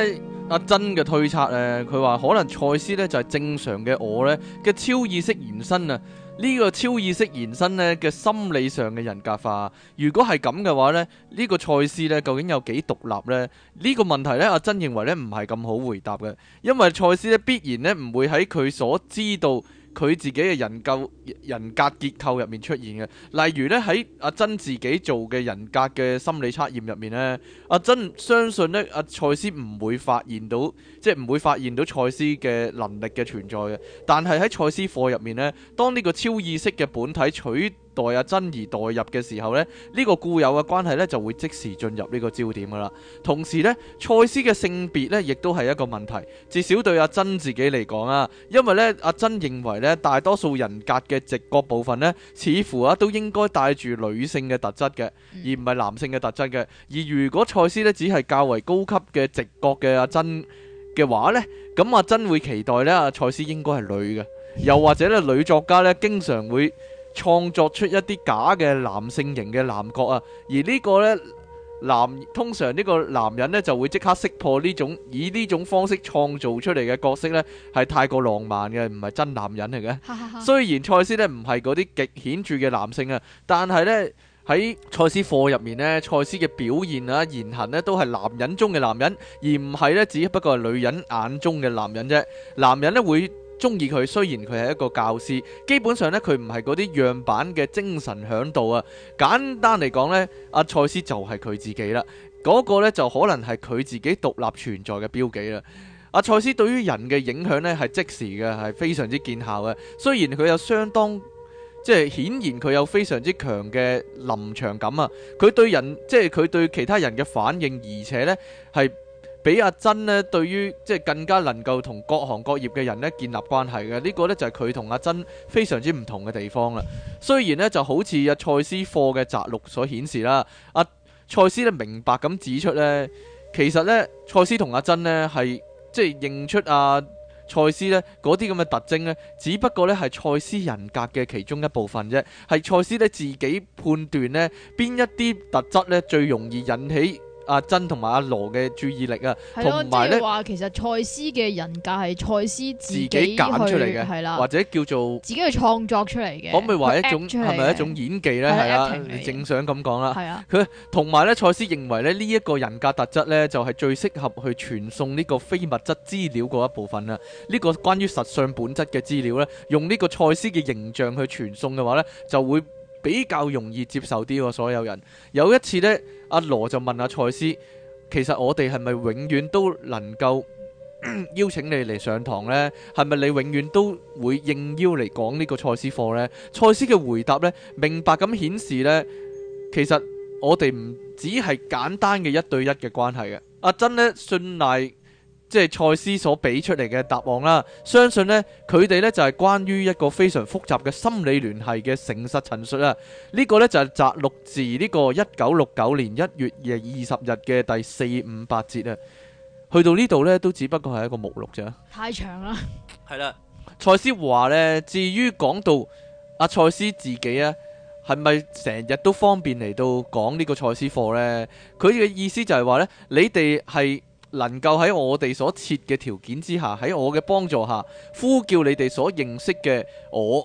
阿珍嘅推測呢，佢話可能賽斯呢就係正常嘅我呢嘅超意識延伸啊。呢個超意識延伸呢嘅心理上嘅人格化，如果係咁嘅話呢，呢個賽斯呢究竟有幾獨立呢？呢個問題呢，阿珍認為呢唔係咁好回答嘅，因為賽斯呢必然呢唔會喺佢所知道。佢自己嘅人格，人格結構入面出現嘅，例如咧喺阿珍自己做嘅人格嘅心理測驗入面咧，阿珍相信咧，阿賽斯唔會發現到，即係唔會發現到賽斯嘅能力嘅存在嘅。但係喺賽斯課入面咧，當呢個超意識嘅本體取代阿珍而代入嘅時候咧，呢、呢個固有嘅關係呢就會即時進入呢個焦點噶啦。同時呢，賽斯嘅性別呢亦都係一個問題，至少對阿珍自己嚟講啊，因為呢，阿珍認為呢，大多數人格嘅直覺部分呢，似乎啊都應該帶住女性嘅特質嘅，而唔係男性嘅特質嘅。而如果賽斯呢只係較為高級嘅直覺嘅阿珍嘅話呢，咁阿珍會期待呢，阿、啊、賽斯應該係女嘅，又或者呢，女作家呢，經常會。創作出一啲假嘅男性型嘅男角啊，而呢個呢，男通常呢個男人呢，就會即刻識破呢種以呢種方式創造出嚟嘅角色呢，係太過浪漫嘅，唔係真男人嚟嘅。 雖然賽斯呢唔係嗰啲極顯著嘅男性啊，但係呢，喺賽斯課入面呢，賽斯嘅表現啊言行呢，都係男人中嘅男人，而唔係呢，只不過係女人眼中嘅男人啫。男人呢會。中意佢，雖然佢係一個教師，基本上呢，佢唔係嗰啲樣板嘅精神喺度啊。簡單嚟講呢，阿賽斯就係佢自己啦。嗰、那個咧就可能係佢自己獨立存在嘅標記啦。阿賽斯對於人嘅影響呢，係即時嘅，係非常之見效嘅。雖然佢有相當即係、就是、顯然佢有非常之強嘅臨場感啊，佢對人即係佢對其他人嘅反應，而且呢係。比阿珍呢，對於即係更加能夠同各行各業嘅人呢建立關係嘅呢、這個呢，就係佢同阿珍非常之唔同嘅地方啦。雖然呢就好似阿賽斯課嘅摘錄所顯示啦，阿、啊、賽斯呢明白咁指出呢，其實呢，賽斯同阿珍呢係即係認出阿、啊、賽斯呢嗰啲咁嘅特徵呢，只不過呢係賽斯人格嘅其中一部分啫，係賽斯呢自己判斷呢邊一啲特質呢最容易引起。阿珍同埋阿羅嘅注意力啊，同埋呢，話其實賽斯嘅人格係賽斯自己揀出嚟嘅，的或者叫做自己去創作出嚟嘅。可唔可以話一種係咪一種演技呢？係啊，正想咁講啦。係啊的，佢同埋呢，賽斯認為呢呢一、這個人格特質呢，就係、是、最適合去傳送呢個非物質資料嗰一部分啦、啊。呢、這個關於實相本質嘅資料呢，用呢個賽斯嘅形象去傳送嘅話呢，就會比較容易接受啲個、啊、所有人。有一次呢。阿羅就問阿賽斯，其實我哋係咪永遠都能夠邀請你嚟上堂呢？係咪你永遠都會應邀嚟講呢個賽斯課呢？賽斯嘅回答呢，明白咁顯示呢，其實我哋唔只係簡單嘅一對一嘅關係嘅。阿珍呢，信賴。即係賽斯所俾出嚟嘅答案啦，相信呢，佢哋呢就係、是、關於一個非常複雜嘅心理聯繫嘅誠實陳述啊！呢、這個呢，就係摘錄自呢個一九六九年一月二十日嘅第四五八節啊，去到呢度呢，都只不過係一個目錄咋。太長啦。係啦，賽斯話呢，至於講到阿賽斯自己啊，係咪成日都方便嚟到講呢個賽斯課呢？佢嘅意思就係話呢，你哋係能夠喺我哋所設嘅條件之下，喺我嘅幫助下，呼叫你哋所認識嘅我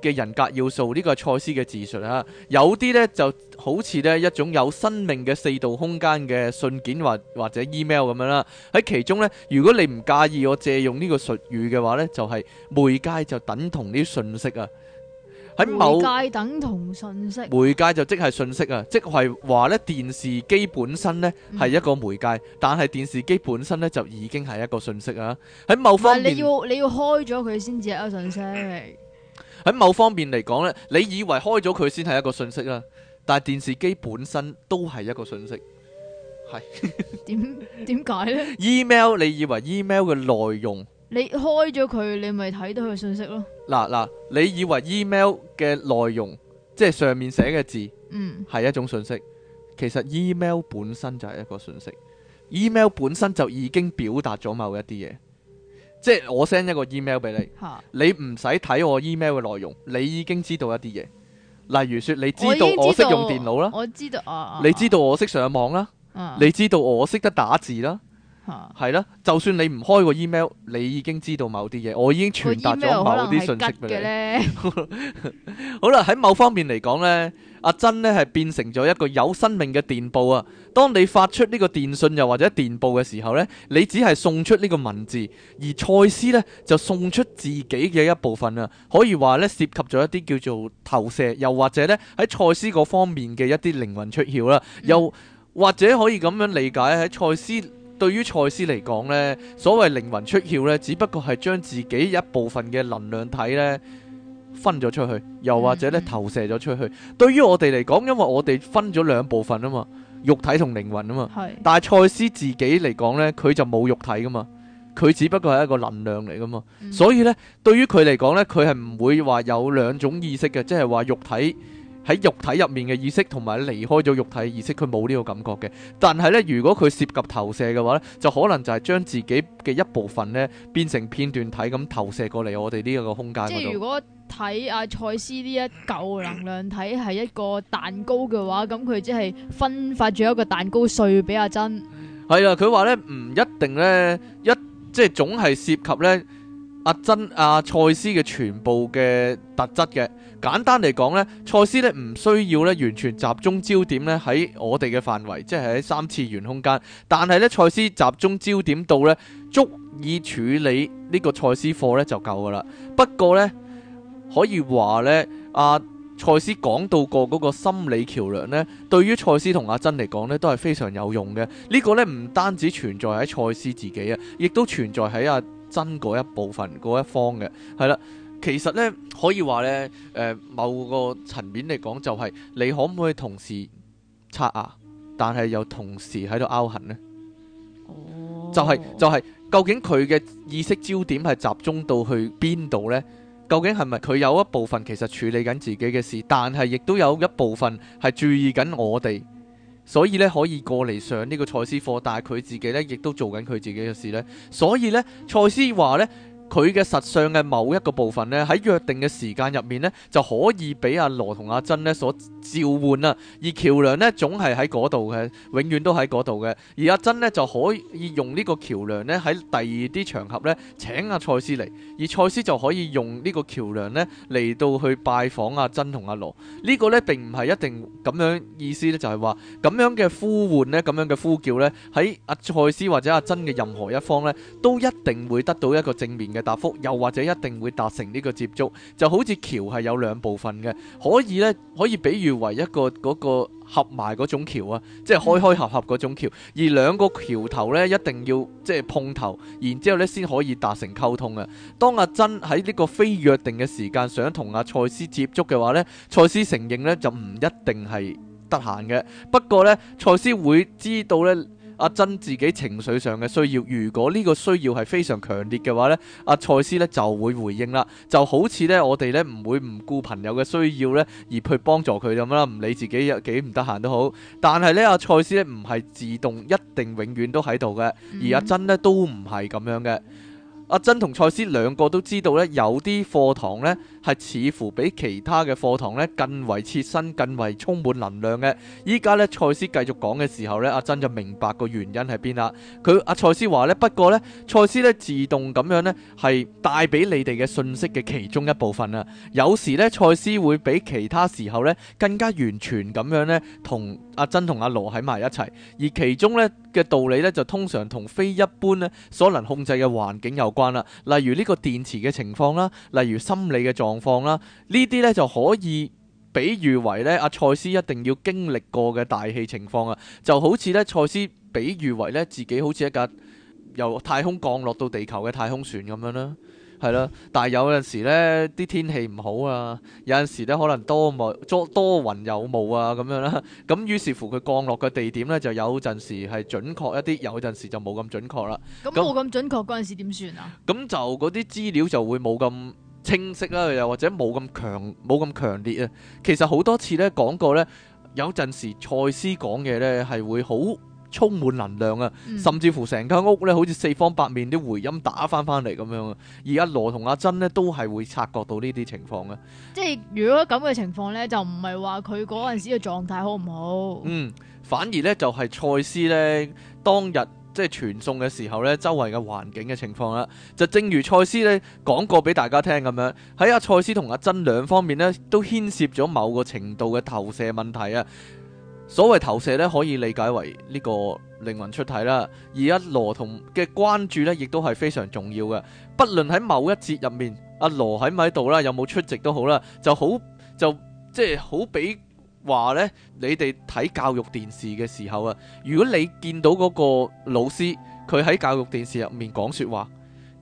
嘅人格要素，呢、這個係賽斯嘅自述啊。有啲呢就好似呢一種有生命嘅四度空間嘅信件或或者 email 咁樣啦。喺其中呢，如果你唔介意我借用呢個術語嘅話呢就係媒介就等同啲信息啊。喺媒介等同信息、啊，媒介就即係信息啊！即係話咧，電視機本身咧係一個媒介，嗯、但係電視機本身咧就已經係一個信息啊！喺某方面，但係你要你要開咗佢先至係一個信息、啊。喺 某方面嚟講咧，你以為開咗佢先係一個信息啊？但係電視機本身都係一個信息，係點點解咧？email 你以為 email 嘅內容？你開咗佢，你咪睇到佢信息咯。嗱嗱，你以為 email 嘅內容，即係上面寫嘅字，係、嗯、一種信息。其實 email 本身就係一個信息、嗯、，email 本身就已經表達咗某一啲嘢。即係我 send 一個 email 俾你，啊、你唔使睇我 email 嘅內容，你已經知道一啲嘢。例如說你，知道啊啊你知道我識用電腦啦，我知道啊，你知道我識上網啦，你知道我識得打字啦。係啦、 啊 啊，就算你唔開個 email，你已經知道某啲嘢，我已經傳達咗某啲信息俾你。 好啦，喺某方面嚟講呢，阿珍呢係變成咗一個有生命嘅電報啊！當你發出呢個電訊又或者電報嘅時候呢，你只係送出呢個文字，而賽斯呢就送出自己嘅一部分啊，可以話呢，涉及咗一啲叫做投射，又或者呢喺賽斯嗰方面嘅一啲靈魂出竅啦，又或者可以咁樣理解喺賽斯。對於賽斯嚟講呢，所謂靈魂出竅呢，只不過係將自己一部分嘅能量體呢分咗出去，又或者咧投射咗出去。嗯嗯。對於我哋嚟講，因為我哋分咗兩部分啊嘛，肉體同靈魂啊嘛。是但係賽斯自己嚟講呢，佢就冇肉體噶嘛，佢只不過係一個能量嚟噶嘛。嗯、所以呢，對於佢嚟講呢，佢係唔會話有兩種意識嘅，即係話肉體。喺肉體入面嘅意識同埋離開咗肉體意識，佢冇呢個感覺嘅。但係咧，如果佢涉及投射嘅話咧，就可能就係將自己嘅一部分咧變成片段體咁投射過嚟我哋呢一個空間。即係如果睇阿賽斯呢一舊能量體係一個蛋糕嘅話，咁佢即係分發咗一個蛋糕碎俾阿珍。係啊，佢話咧唔一定咧，一即係總係涉及咧。阿珍、阿、啊、賽斯嘅全部嘅特質嘅，簡單嚟講呢，賽斯呢唔需要呢完全集中焦點呢喺我哋嘅範圍，即係喺三次元空間。但係呢，賽斯集中焦點到呢足以處理呢個賽斯課呢就夠噶啦。不過呢，可以話呢，阿、啊、賽斯講到過嗰個心理橋梁呢，對於賽斯同阿珍嚟講呢，都係非常有用嘅。呢、這個呢，唔單止存在喺賽斯自己啊，亦都存在喺阿、啊、真嗰一部分嗰一方嘅係啦，其實呢，可以話呢，誒、呃、某個層面嚟講就係、是、你可唔可以同時刷牙，但係又同時喺度拗痕呢？Oh. 就係、是、就係、是、究竟佢嘅意識焦點係集中到去邊度呢？究竟係咪佢有一部分其實處理緊自己嘅事，但係亦都有一部分係注意緊我哋？所以咧可以過嚟上呢個賽斯課，但係佢自己咧亦都做緊佢自己嘅事咧，所以咧賽斯話咧。佢嘅實相嘅某一個部分呢，喺約定嘅時間入面呢，就可以俾阿羅同阿珍呢所召喚喇！而橋梁呢，總係喺嗰度嘅，永遠都喺嗰度嘅。而阿珍呢，就可以用呢個橋梁呢，喺第二啲場合呢，請阿賽斯嚟，而賽斯就可以用呢個橋梁呢嚟到去拜訪阿珍同阿羅。呢、這個呢，並唔係一定咁樣意思呢，就係話咁樣嘅呼喚呢，咁樣嘅呼叫呢，喺阿賽斯或者阿珍嘅任何一方呢，都一定會得到一個正面嘅答覆，又或者一定會達成呢個接觸，就好似橋係有兩部分嘅，可以呢，可以比喻為一個嗰個合埋嗰種橋啊，即係開開合合嗰種橋，而兩個橋頭呢，一定要即係碰頭，然之後呢先可以達成溝通啊。當阿珍喺呢個非約定嘅時間想同阿賽斯接觸嘅話呢，賽斯承認呢就唔一定係得閒嘅，不過呢，賽斯會知道呢。阿珍自己情緒上嘅需要，如果呢個需要係非常強烈嘅話呢，阿賽斯咧就會回應啦，就好似呢，我哋呢唔會唔顧朋友嘅需要呢而去幫助佢咁樣啦，唔理自己有幾唔得閒都好。但係呢，阿賽斯咧唔係自動一定永遠都喺度嘅，而阿珍咧都唔係咁樣嘅。阿珍同賽斯兩個都知道咧，有啲課堂咧係似乎比其他嘅課堂咧更為切身、更為充滿能量嘅。依家咧賽斯繼續講嘅時候咧，阿珍就明白個原因喺邊啦。佢阿賽斯話咧，不過咧賽斯咧自動咁樣咧係帶俾你哋嘅信息嘅其中一部分啦。有時咧賽斯會比其他時候咧更加完全咁樣咧同阿珍同阿羅喺埋一齊，而其中咧。嘅道理咧，就通常同非一般咧所能控制嘅環境有關啦。例如呢個電池嘅情況啦，例如心理嘅狀況啦，呢啲咧就可以比喻為咧阿賽斯一定要經歷過嘅大氣情況啊。就好似咧賽斯比喻為咧自己好似一架由太空降落到地球嘅太空船咁樣啦。係咯，但係有陣時呢啲天氣唔好啊，有陣時呢可能多霧、多多雲有霧啊咁樣啦、啊。咁於是乎佢降落嘅地點呢，就有陣時係準確一啲，有陣時就冇咁準確啦。咁冇咁準確嗰陣時點算啊？咁就嗰啲資料就會冇咁清晰啦、啊，又或者冇咁強、冇咁強烈啊。其實好多次呢講過呢，有陣時賽斯講嘢呢係會好。充滿能量啊！嗯、甚至乎成間屋咧，好似四方八面啲回音打翻翻嚟咁樣，而阿羅同阿珍呢，都係會察覺到呢啲情況嘅。即係如果咁嘅情況呢，就唔係話佢嗰陣時嘅狀態好唔好？嗯，反而呢，就係賽斯呢，當日即係傳送嘅時候呢，周圍嘅環境嘅情況啦，就正如賽斯呢講過俾大家聽咁樣，喺阿賽斯同阿珍兩方面呢，都牽涉咗某個程度嘅投射問題啊！所謂投射咧，可以理解為呢個靈魂出體啦。而阿羅同嘅關注咧，亦都係非常重要嘅。不論喺某一節入面，阿羅喺唔喺度啦，有冇出席都好啦，就好就即係好比話咧，你哋睇教育電視嘅時候啊，如果你見到嗰個老師佢喺教育電視入面講說話。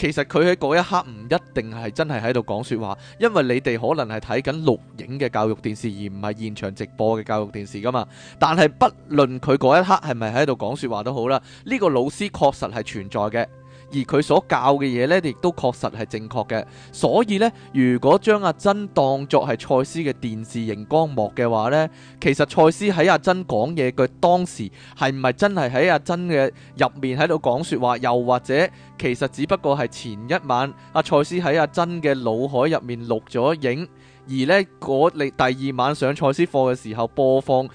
其實佢喺嗰一刻唔一定係真係喺度講說話，因為你哋可能係睇緊錄影嘅教育電視，而唔係現場直播嘅教育電視噶嘛。但係不論佢嗰一刻係咪喺度講說話都好啦，呢個老師確實係存在嘅。而佢所教嘅嘢呢，亦都確實係正確嘅。所以呢，如果將阿珍當作係賽斯嘅電視螢光幕嘅話呢，其實賽斯喺阿珍講嘢嘅當時，係唔係真係喺阿珍嘅入面喺度講説話？又或者其實只不過係前一晚阿賽斯喺阿珍嘅腦海入面錄咗影，而呢嗰第二晚上賽斯課嘅時候播放。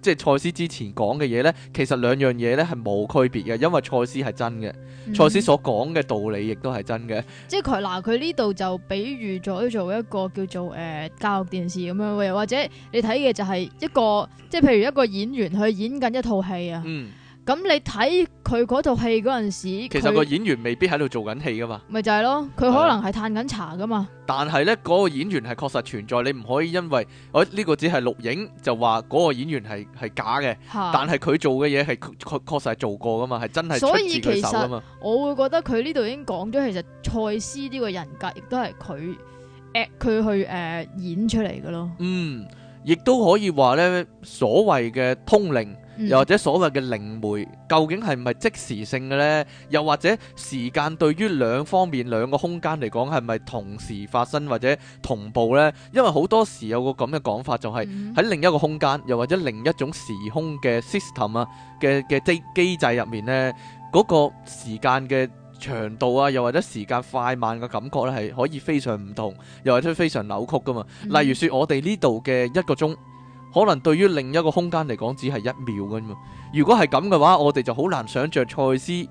即係蔡司之前講嘅嘢咧，其實兩樣嘢咧係冇區別嘅，因為蔡司係真嘅，嗯、蔡司所講嘅道理亦都係真嘅、嗯。即係佢嗱佢呢度就比喻咗做一個叫做誒、呃、教育電視咁樣嘅，或者你睇嘅就係一個即係譬如一個演員去演緊一套戲啊。嗯咁你睇佢嗰套戲嗰陣時，其實個演員未必喺度做緊戲噶嘛，咪就係咯，佢可能係嘆緊茶噶嘛、嗯。但係咧，嗰、那個演員係確實存在，你唔可以因為我呢、哦這個只係錄影，就話嗰個演員係係假嘅。但係佢做嘅嘢係確確實係做過噶嘛，係真係。所以其實我會覺得佢呢度已經講咗，其實賽斯呢個人格亦都係佢誒佢去誒、呃、演出嚟噶咯。嗯，亦都可以話咧，所謂嘅通靈。又或者所謂嘅靈媒，究竟係唔係即時性嘅呢？又或者時間對於兩方面兩個空間嚟講係咪同時發生或者同步呢？因為好多時有個咁嘅講法、就是，就係喺另一個空間，又或者另一種時空嘅 system 啊嘅嘅機制入面呢，嗰、那個時間嘅長度啊，又或者時間快慢嘅感覺咧，係可以非常唔同，又或者非常扭曲㗎嘛。嗯、例如說，我哋呢度嘅一個鐘。可能對於另一個空間嚟講，只係一秒㗎嘛。如果係咁嘅話，我哋就好難想像賽斯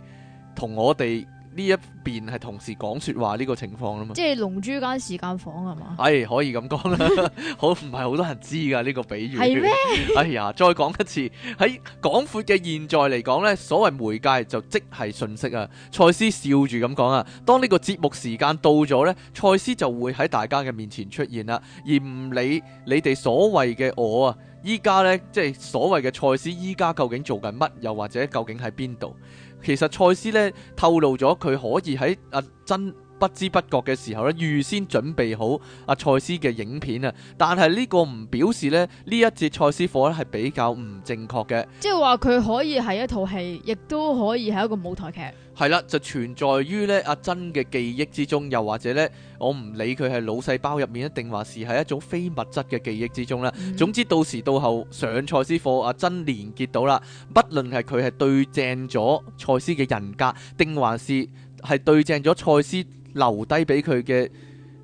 同我哋。呢一邊係同時講説話呢個情況啊嘛，即係龍珠間時間房係嘛？係、哎、可以咁講啦，好唔係好多人知㗎呢，呢個比喻。係咩是嗎？ 哎呀，再講一次，喺廣闊嘅現在嚟講呢，所謂媒介就即係訊息啊！賽斯笑住咁講啊，當呢個節目時間到咗呢，賽斯就會喺大家嘅面前出現啦，而唔理你哋所謂嘅我啊，依家呢，即、就、係、是、所謂嘅賽斯，依家究竟做緊乜，又或者究竟喺邊度？其實賽斯咧透露咗佢可以喺阿、啊、真，不知不覺嘅時候咧，預先準備好阿、啊、賽斯嘅影片啊！但係呢個唔表示咧呢一節賽斯課咧係比較唔正確嘅，即係話佢可以係一套戲，亦都可以係一個舞台劇。係啦，就存在於呢阿珍嘅記憶之中，又或者呢，我唔理佢係腦細胞入面一定話是係一種非物質嘅記憶之中啦。嗯、總之到時到後上賽斯課，阿、啊、珍連結到啦，不論係佢係對正咗賽斯嘅人格，定還是係對正咗賽斯。留低俾佢嘅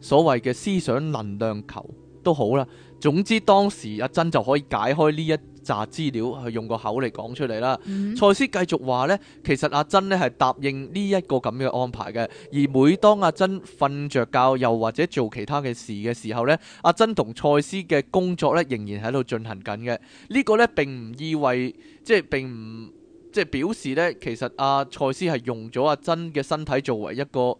所謂嘅思想能量球都好啦。總之當時阿珍就可以解開呢一紮資料，去用個口嚟講出嚟啦。賽斯繼續話呢，其實阿珍呢係答應呢一個咁嘅安排嘅。而每當阿珍瞓着覺又或者做其他嘅事嘅時候呢，阿珍同賽斯嘅工作呢仍然喺度進行緊嘅。呢個呢並唔意味即係並唔即係表示呢，其實阿賽斯係用咗阿珍嘅身體作為一個。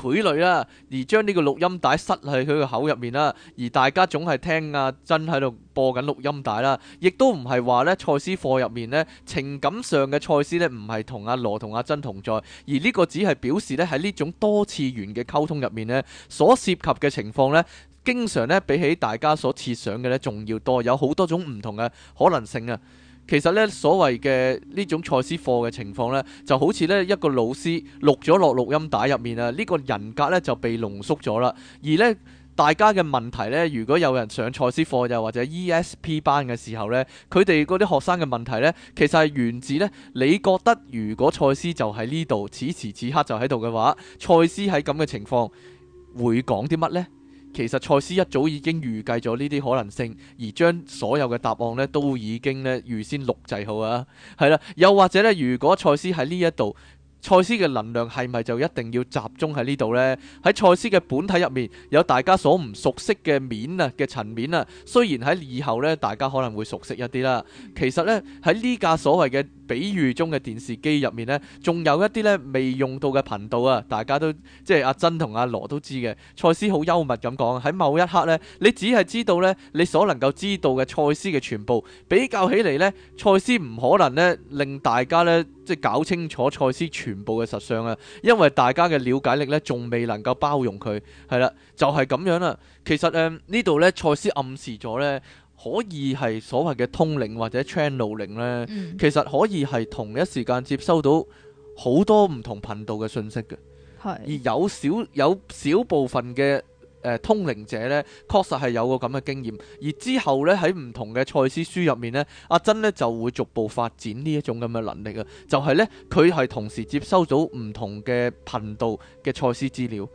傀儡啦，而將呢個錄音帶塞喺佢個口入面啦，而大家總係聽阿珍喺度播緊錄音帶啦，亦都唔係話呢。賽斯課入面呢，情感上嘅賽斯呢，唔係同阿羅同阿珍同在，而呢個只係表示呢，喺呢種多次元嘅溝通入面呢，所涉及嘅情況呢，經常呢，比起大家所設想嘅呢，仲要多，有好多種唔同嘅可能性啊！其實呢，所謂嘅呢種賽斯課嘅情況呢，就好似呢一個老師錄咗落錄音帶入面啊，呢個人格呢就被濃縮咗啦。而呢大家嘅問題呢，如果有人上賽斯課又或者 ESP 班嘅時候呢，佢哋嗰啲學生嘅問題呢，其實係源自呢：你覺得如果賽斯就喺呢度，此時此刻就喺度嘅話，賽斯喺咁嘅情況會講啲乜呢？其實賽斯一早已經預計咗呢啲可能性，而將所有嘅答案呢都已經呢預先錄製好啊。係啦，又或者呢，如果賽斯喺呢一度，賽斯嘅能量係咪就一定要集中喺呢度呢？喺賽斯嘅本體入面有大家所唔熟悉嘅面啊嘅層面啊，雖然喺以後呢，大家可能會熟悉一啲啦，其實呢，喺呢架所謂嘅比喻中嘅電視機入面呢，仲有一啲呢未用到嘅頻道啊，大家都即係阿珍同阿羅都知嘅。賽斯好幽默咁講。喺某一刻呢，你只係知道呢，你所能夠知道嘅賽斯嘅全部，比較起嚟呢，賽斯唔可能呢令大家呢。即搞清楚賽斯全部嘅實相啊，因為大家嘅了解力呢，仲未能夠包容佢，係啦，就係、是、咁樣啦、啊。其實誒、呢、呃、度呢，賽斯暗示咗呢，可以係所謂嘅通靈或者 channel 靈呢，嗯、其實可以係同一時間接收到好多唔同頻道嘅信息嘅，係的而有少有少部分嘅。呃、通靈者咧，確實係有個咁嘅經驗，而之後咧喺唔同嘅賽斯書入面咧，阿珍咧就會逐步發展呢一種咁嘅能力啊，就係、是、呢，佢係同時接收到唔同嘅頻道嘅賽斯資料，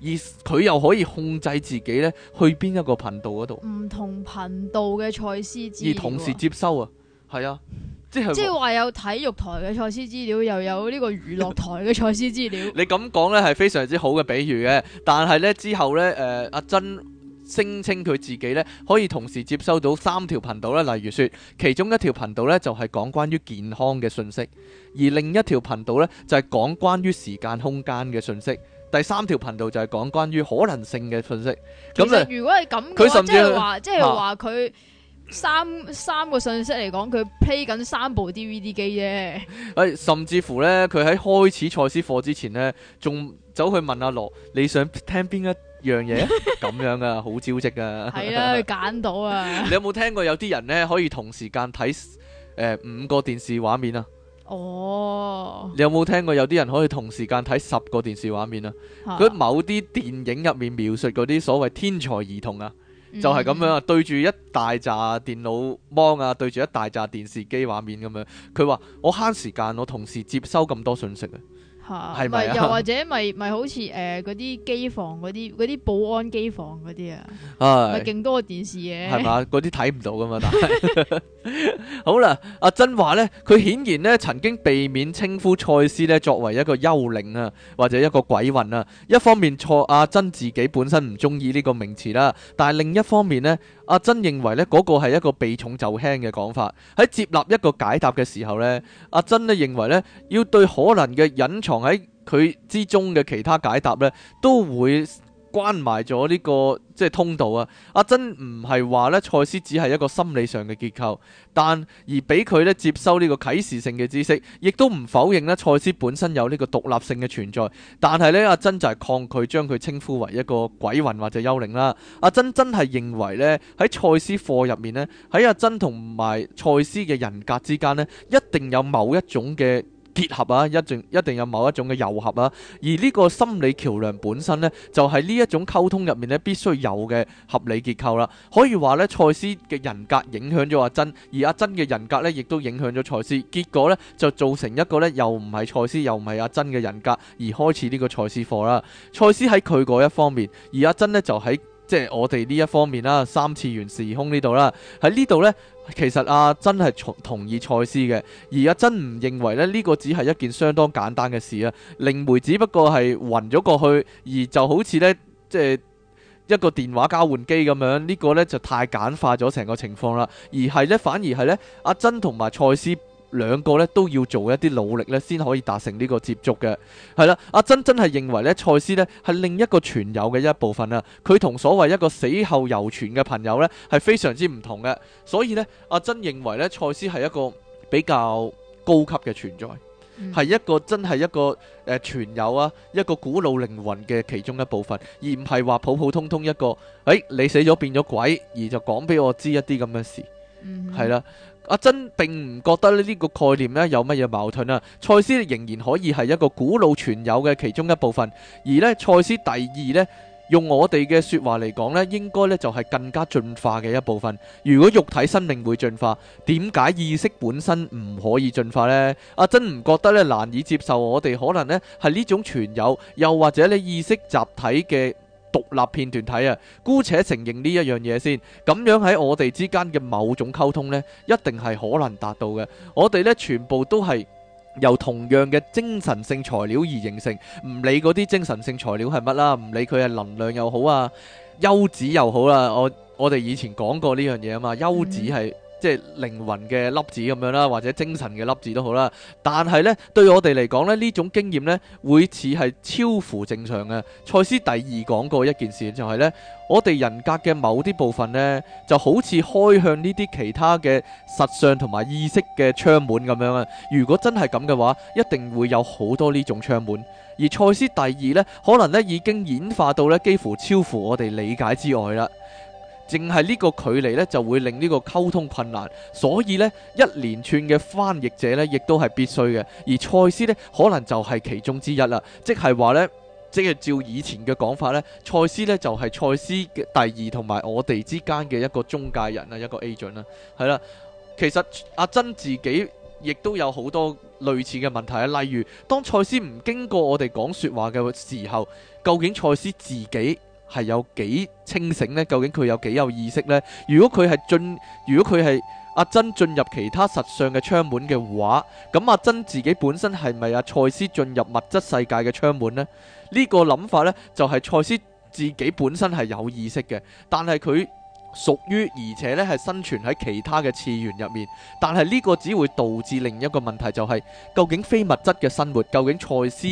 而佢又可以控制自己咧去邊一個頻道嗰度，唔同頻道嘅賽斯資料、啊、而同時接收啊，係啊。即係即係話有體育台嘅賽斯資料，又有呢個娛樂台嘅賽斯資料。 你咁講呢係非常之好嘅比喻嘅。但係呢之後呢，誒、呃、阿珍聲稱佢自己呢可以同時接收到三條頻道呢，例如說，其中一條頻道呢就係、是、講關於健康嘅信息，而另一條頻道呢就係、是、講關於時間空間嘅信息，第三條頻道就係講關於可能性嘅信息。咁如果係咁嘅，即係話，即係話佢，啊三三個信息嚟講，佢 play 緊三部 D V D 機啫。誒、哎，甚至乎呢，佢喺開始賽斯課之前呢，仲走去問阿羅，你想聽邊一樣嘢？咁 樣啊，好招積啊，係 啊，揀到啊！你有冇聽過有啲人呢，可以同時間睇誒五個電視畫面啊？哦。你有冇聽過有啲人可以同時間睇十個電視畫面啊？佢喺哈某啲電影入面描述嗰啲所謂天才兒童啊？就係咁樣，mm hmm. 啊！對住一大扎電腦芒啊，對住一大扎電視機畫面咁樣，佢話：我慳時間，我同時接收咁多信息嘅。嚇，又或者咪咪好似誒嗰啲機房嗰啲啲保安機房嗰啲啊，咪勁多電視嘅，係嘛？嗰啲睇唔到噶嘛，但係 好啦，阿珍話呢，佢顯然呢曾經避免稱呼賽斯呢作為一個幽靈啊，或者一個鬼魂啊。一方面錯，阿、啊、珍自己本身唔中意呢個名詞啦、啊，但係另一方面呢。阿珍認為咧，嗰個係一個避重就輕嘅講法。喺接納一個解答嘅時候咧，阿珍咧認為咧，要對可能嘅隱藏喺佢之中嘅其他解答咧，都會。關埋咗呢個即係通道啊！阿珍唔係話呢，賽斯只係一個心理上嘅結構，但而俾佢呢接收呢個啟示性嘅知識，亦都唔否認呢。賽斯本身有呢個獨立性嘅存在。但係呢，阿珍就係抗拒將佢稱呼為一個鬼魂或者幽靈啦。阿珍真係認為呢，喺賽斯課入面呢，喺阿珍同埋賽斯嘅人格之間呢，一定有某一種嘅，結合啊，一定一定有某一種嘅糅合啊，而呢個心理橋梁本身呢，就喺呢一種溝通入面咧，必須有嘅合理結構啦、啊。可以話呢，賽斯嘅人格影響咗阿珍，而阿珍嘅人格呢，亦都影響咗賽斯，結果呢，就造成一個咧又唔係賽斯又唔係阿珍嘅人格而開始呢個賽斯課啦。賽斯喺佢嗰一方面，而阿珍呢，就喺。即係我哋呢一方面啦，三次元時空呢度啦，喺呢度呢，其實阿珍係從同意賽斯嘅，而阿珍唔認為呢呢個只係一件相當簡單嘅事啊，靈媒只不過係暈咗過去，而就好似呢，即係一個電話交換機咁樣，呢個呢就太簡化咗成個情況啦，而係呢，反而係呢，阿珍同埋賽斯。兩個咧都要做一啲努力咧，先可以達成呢個接觸嘅。係啦，阿珍真係認為咧，賽斯咧係另一個存有嘅一部分啦，啊。佢同所謂一個死後遊傳嘅朋友咧，係非常之唔同嘅。所以呢，阿珍認為咧，賽斯係一個比較高級嘅存在，係，嗯、一個真係一個誒存有啊，一個古老靈魂嘅其中一部分，而唔係話普普通通一個誒、哎，你死咗變咗鬼而就講俾我知一啲咁嘅事。係啦，嗯。阿珍並唔覺得咧呢個概念咧有乜嘢矛盾啊？賽斯仍然可以係一個古老全有嘅其中一部分，而呢賽斯第二呢，用我哋嘅說話嚟講呢，應該呢就係更加進化嘅一部分。如果肉體生命會進化，點解意識本身唔可以進化呢？阿珍唔覺得呢難以接受，我哋可能呢係呢種全有，又或者你意識集體嘅，獨立片段睇啊，姑且承認呢一樣嘢先。咁樣喺我哋之間嘅某種溝通呢，一定係可能達到嘅。我哋呢，全部都係由同樣嘅精神性材料而形成，唔理嗰啲精神性材料係乜啦，唔理佢係能量又好啊，優子又好啦。我我哋以前講過呢樣嘢啊嘛，優子係，嗯即係靈魂嘅粒子咁樣啦，或者精神嘅粒子都好啦。但係呢，對我哋嚟講呢，呢種經驗呢會似係超乎正常嘅。賽斯第二講過一件事，就係呢：我哋人格嘅某啲部分呢，就好似開向呢啲其他嘅實相同埋意識嘅窗門咁樣啊。如果真係咁嘅話，一定會有好多呢種窗門。而賽斯第二呢，可能呢已經演化到呢幾乎超乎我哋理解之外啦。淨係呢個距離呢，就會令呢個溝通困難，所以呢，一連串嘅翻譯者呢，亦都係必須嘅。而賽斯呢，可能就係其中之一啦。即係話呢，即係照以前嘅講法呢，賽斯呢，就係、是、賽斯第二同埋我哋之間嘅一個中介人啦，一個 agent 啦，係啦。其實阿珍自己亦都有好多類似嘅問題啊，例如當賽斯唔經過我哋講說話嘅時候，究竟賽斯自己係有幾清醒呢？究竟佢有幾有意識呢？如果佢係進，如果佢係阿珍進入其他實相嘅窗門嘅話，咁阿珍自己本身係咪阿賽斯進入物質世界嘅窗門呢？呢、這個諗法呢，就係、是、賽斯自己本身係有意識嘅，但係佢屬於而且呢係生存喺其他嘅次元入面。但係呢個只會導致另一個問題、就是，就係究竟非物質嘅生活，究竟賽斯？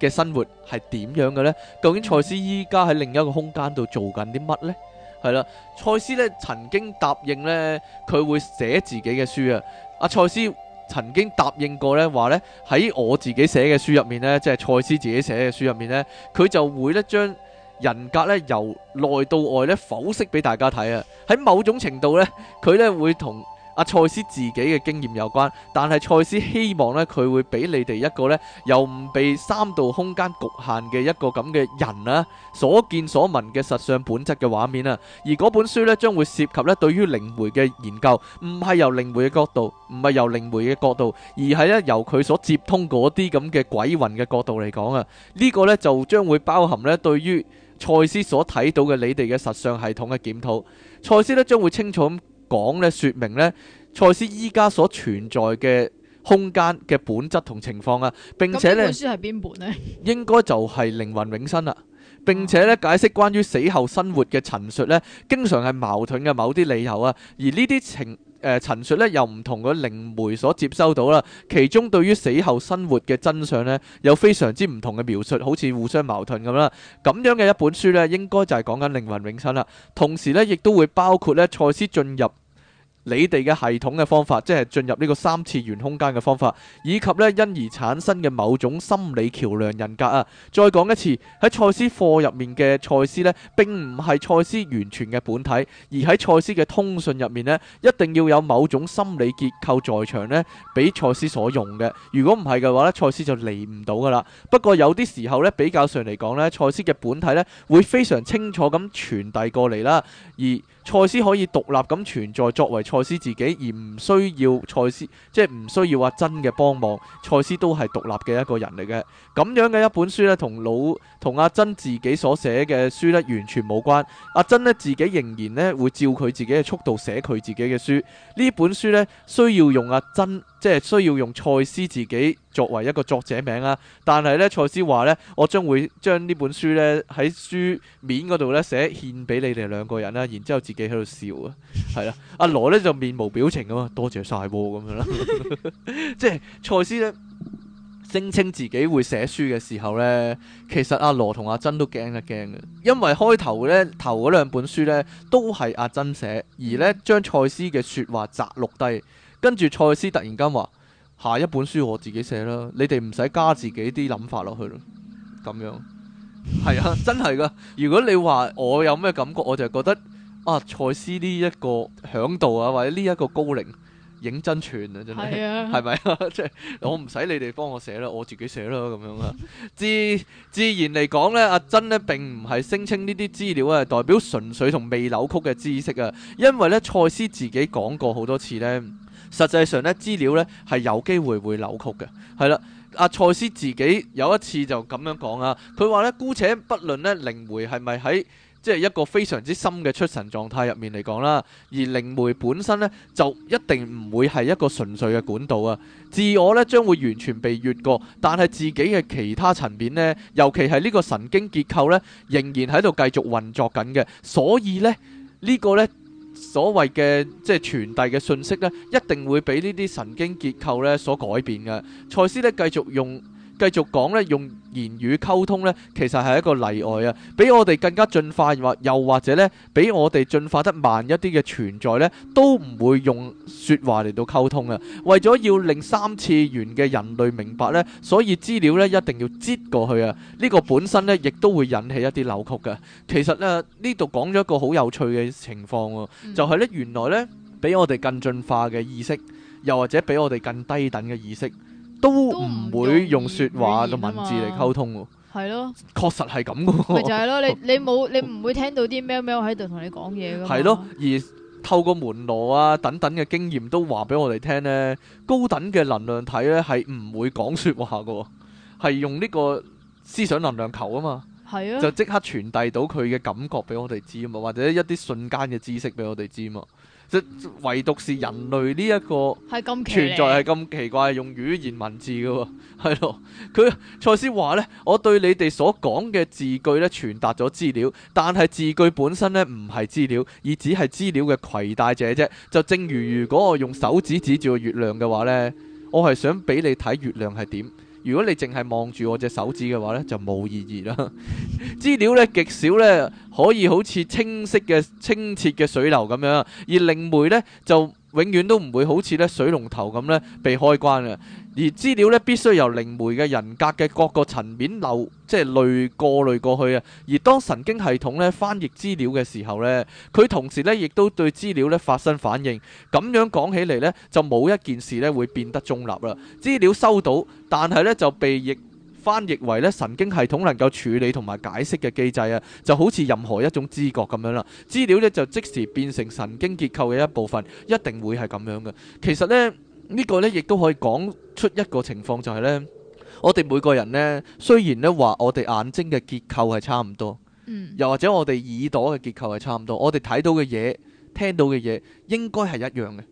嘅生活係點樣嘅呢？究竟賽斯依家喺另一個空間度做緊啲乜呢？係啦，賽斯咧曾經答應呢，佢會寫自己嘅書啊。阿賽斯曾經答應過呢話呢，喺我自己寫嘅書入面呢，即係賽斯自己寫嘅書入面呢，佢就會咧將人格呢由內到外呢剖析俾大家睇啊。喺某種程度呢，佢呢會同。阿賽斯自己嘅經驗有關，但係賽斯希望咧，佢會俾你哋一個咧，又唔被三度空間局限嘅一個咁嘅人啊，所見所聞嘅實相本質嘅畫面啊。而嗰本書咧，將會涉及咧，對於靈媒嘅研究，唔係由靈媒嘅角度，唔係由靈媒嘅角度，而係咧由佢所接通嗰啲咁嘅鬼魂嘅角度嚟講啊。呢個咧就將會包含咧，對於賽斯所睇到嘅你哋嘅實相系統嘅檢討。賽斯咧將會清楚咁。講咧說明咧，賽斯依家所存在嘅空間嘅本質同情況啊，並且咧本書係邊本咧？應該就係靈魂永生啦，並且咧解釋關於死後生活嘅陳述咧，經常係矛盾嘅某啲理由啊，而呢啲情。誒、呃、陳述咧由唔同嘅靈媒所接收到啦，其中對於死後生活嘅真相呢，有非常之唔同嘅描述，好似互相矛盾咁啦。咁樣嘅一本書呢，應該就係講緊靈魂永生啦。同時呢，亦都會包括呢賽斯進入。你哋嘅系統嘅方法，即係進入呢個三次元空間嘅方法，以及呢因而產生嘅某種心理橋樑人格啊！再講一次，喺賽斯課入面嘅賽斯呢，並唔係賽斯完全嘅本體，而喺賽斯嘅通訊入面呢，一定要有某種心理結構在場呢，俾賽斯所用嘅。如果唔係嘅話呢，賽斯就嚟唔到噶啦。不過有啲時候呢，比較上嚟講呢，賽斯嘅本體呢，會非常清楚咁傳遞過嚟啦，而。賽斯可以獨立咁存在作為賽斯自己，而唔需要賽斯，即係唔需要阿珍嘅幫忙。賽斯都係獨立嘅一個人嚟嘅。咁樣嘅一本書呢，同老同阿珍自己所寫嘅書呢，完全冇關。阿珍呢，自己仍然呢會照佢自己嘅速度寫佢自己嘅書。呢本書呢，需要用阿珍。即係需要用賽斯自己作為一個作者名啦，但係呢，賽斯話呢，我將會將呢本書呢喺書面嗰度呢寫獻俾你哋兩個人啦，然之後自己喺度笑， 啊，係啦，阿羅呢就面無表情咁啊，多謝晒咁、啊、樣啦。 即係賽斯呢聲稱自己會寫書嘅時候呢，其實阿羅同阿珍都驚一驚嘅，因為開頭呢頭嗰兩本書呢都係阿珍寫，而呢將賽斯嘅說話摘錄低。跟住賽斯突然間話，下一本書我自己寫啦，你哋唔使加自己啲諗法落去咯，咁樣係啊，真係噶！如果你話我有咩感覺，我就覺得啊，賽斯呢一個響度啊，或者呢一個高靈影真傳啊，真係係咪啊是吧？即 係我唔使你哋幫我寫啦，我自己寫啦，咁樣啊。自自然嚟講呢，阿珍呢並唔係聲稱呢啲資料啊，代表純粹同未扭曲嘅知識啊，因為呢，賽斯自己講過好多次呢。實際上咧，資料咧係有機會會扭曲嘅，係啦。阿賽斯自己有一次就咁樣講啊，佢話咧，姑且不論咧靈媒係咪喺即係一個非常之深嘅出神狀態入面嚟講啦，而靈媒本身呢就一定唔會係一個純粹嘅管道啊，自我呢將會完全被越過，但係自己嘅其他層面呢，尤其係呢個神經結構呢，仍然喺度繼續運作緊嘅，所以呢，呢個呢……」所謂嘅即係傳遞嘅信息咧，一定會俾呢啲神經結構咧所改變嘅。賽斯咧繼續用。繼續講咧，用言語溝通咧，其實係一個例外啊！比我哋更加進化，或又或者咧，比我哋進化得慢一啲嘅存在咧，都唔會用說話嚟到溝通啊！為咗要令三次元嘅人類明白咧，所以資料咧一定要擠過去啊！呢、這個本身咧，亦都會引起一啲扭曲嘅。其實咧，呢度講咗一個好有趣嘅情況，啊，就係、是、咧，原來咧，比我哋更進化嘅意識，又或者比我哋更低等嘅意識。都唔會用說話個文字嚟溝通喎，係咯的，確實係咁噶。咪就係咯，你你冇你唔會聽到啲喵喵喺度同你講嘢咯。係咯，而透過門羅啊等等嘅經驗都話俾我哋聽呢，高等嘅能量體呢係唔會講說話噶，係用呢個思想能量球啊嘛，係啊的，就即刻傳遞到佢嘅感覺俾我哋知啊嘛，或者一啲瞬間嘅知識俾我哋知啊嘛。唯獨是人類呢一個存在係咁奇怪，用語言文字嘅喎，係咯。佢賽斯話呢，我對你哋所講嘅字句咧傳達咗資料，但係字句本身呢唔係資料，而只係資料嘅攜帶者啫。就正如如果我用手指指住個月亮嘅話呢，我係想俾你睇月亮係點。如果你淨係望住我隻手指嘅話呢，就冇意義啦。 資料呢，極少呢可以好似清晰嘅清澈嘅水流咁樣，而靈媒呢就永遠都唔會好似呢水龍頭咁呢被開關嘅。而資料呢必須由靈媒嘅人格嘅各個層面流，即係濾過濾過去啊！而當神經系統呢，翻譯資料嘅時候呢，佢同時呢亦都對資料呢發生反應。咁樣講起嚟呢，就冇一件事呢會變得中立啦。資料收到，但係呢就被譯翻譯為呢神經系統能夠處理同埋解釋嘅機制啊，就好似任何一種知覺咁樣啦。資料呢就即時變成神經結構嘅一部分，一定會係咁樣嘅。其實呢。呢個呢亦都可以講出一個情況，就係呢：我哋每個人呢，雖然呢話我哋眼睛嘅結構係差唔多，嗯，又或者我哋耳朵嘅結構係差唔多，我哋睇到嘅嘢、聽到嘅嘢應該係一樣嘅，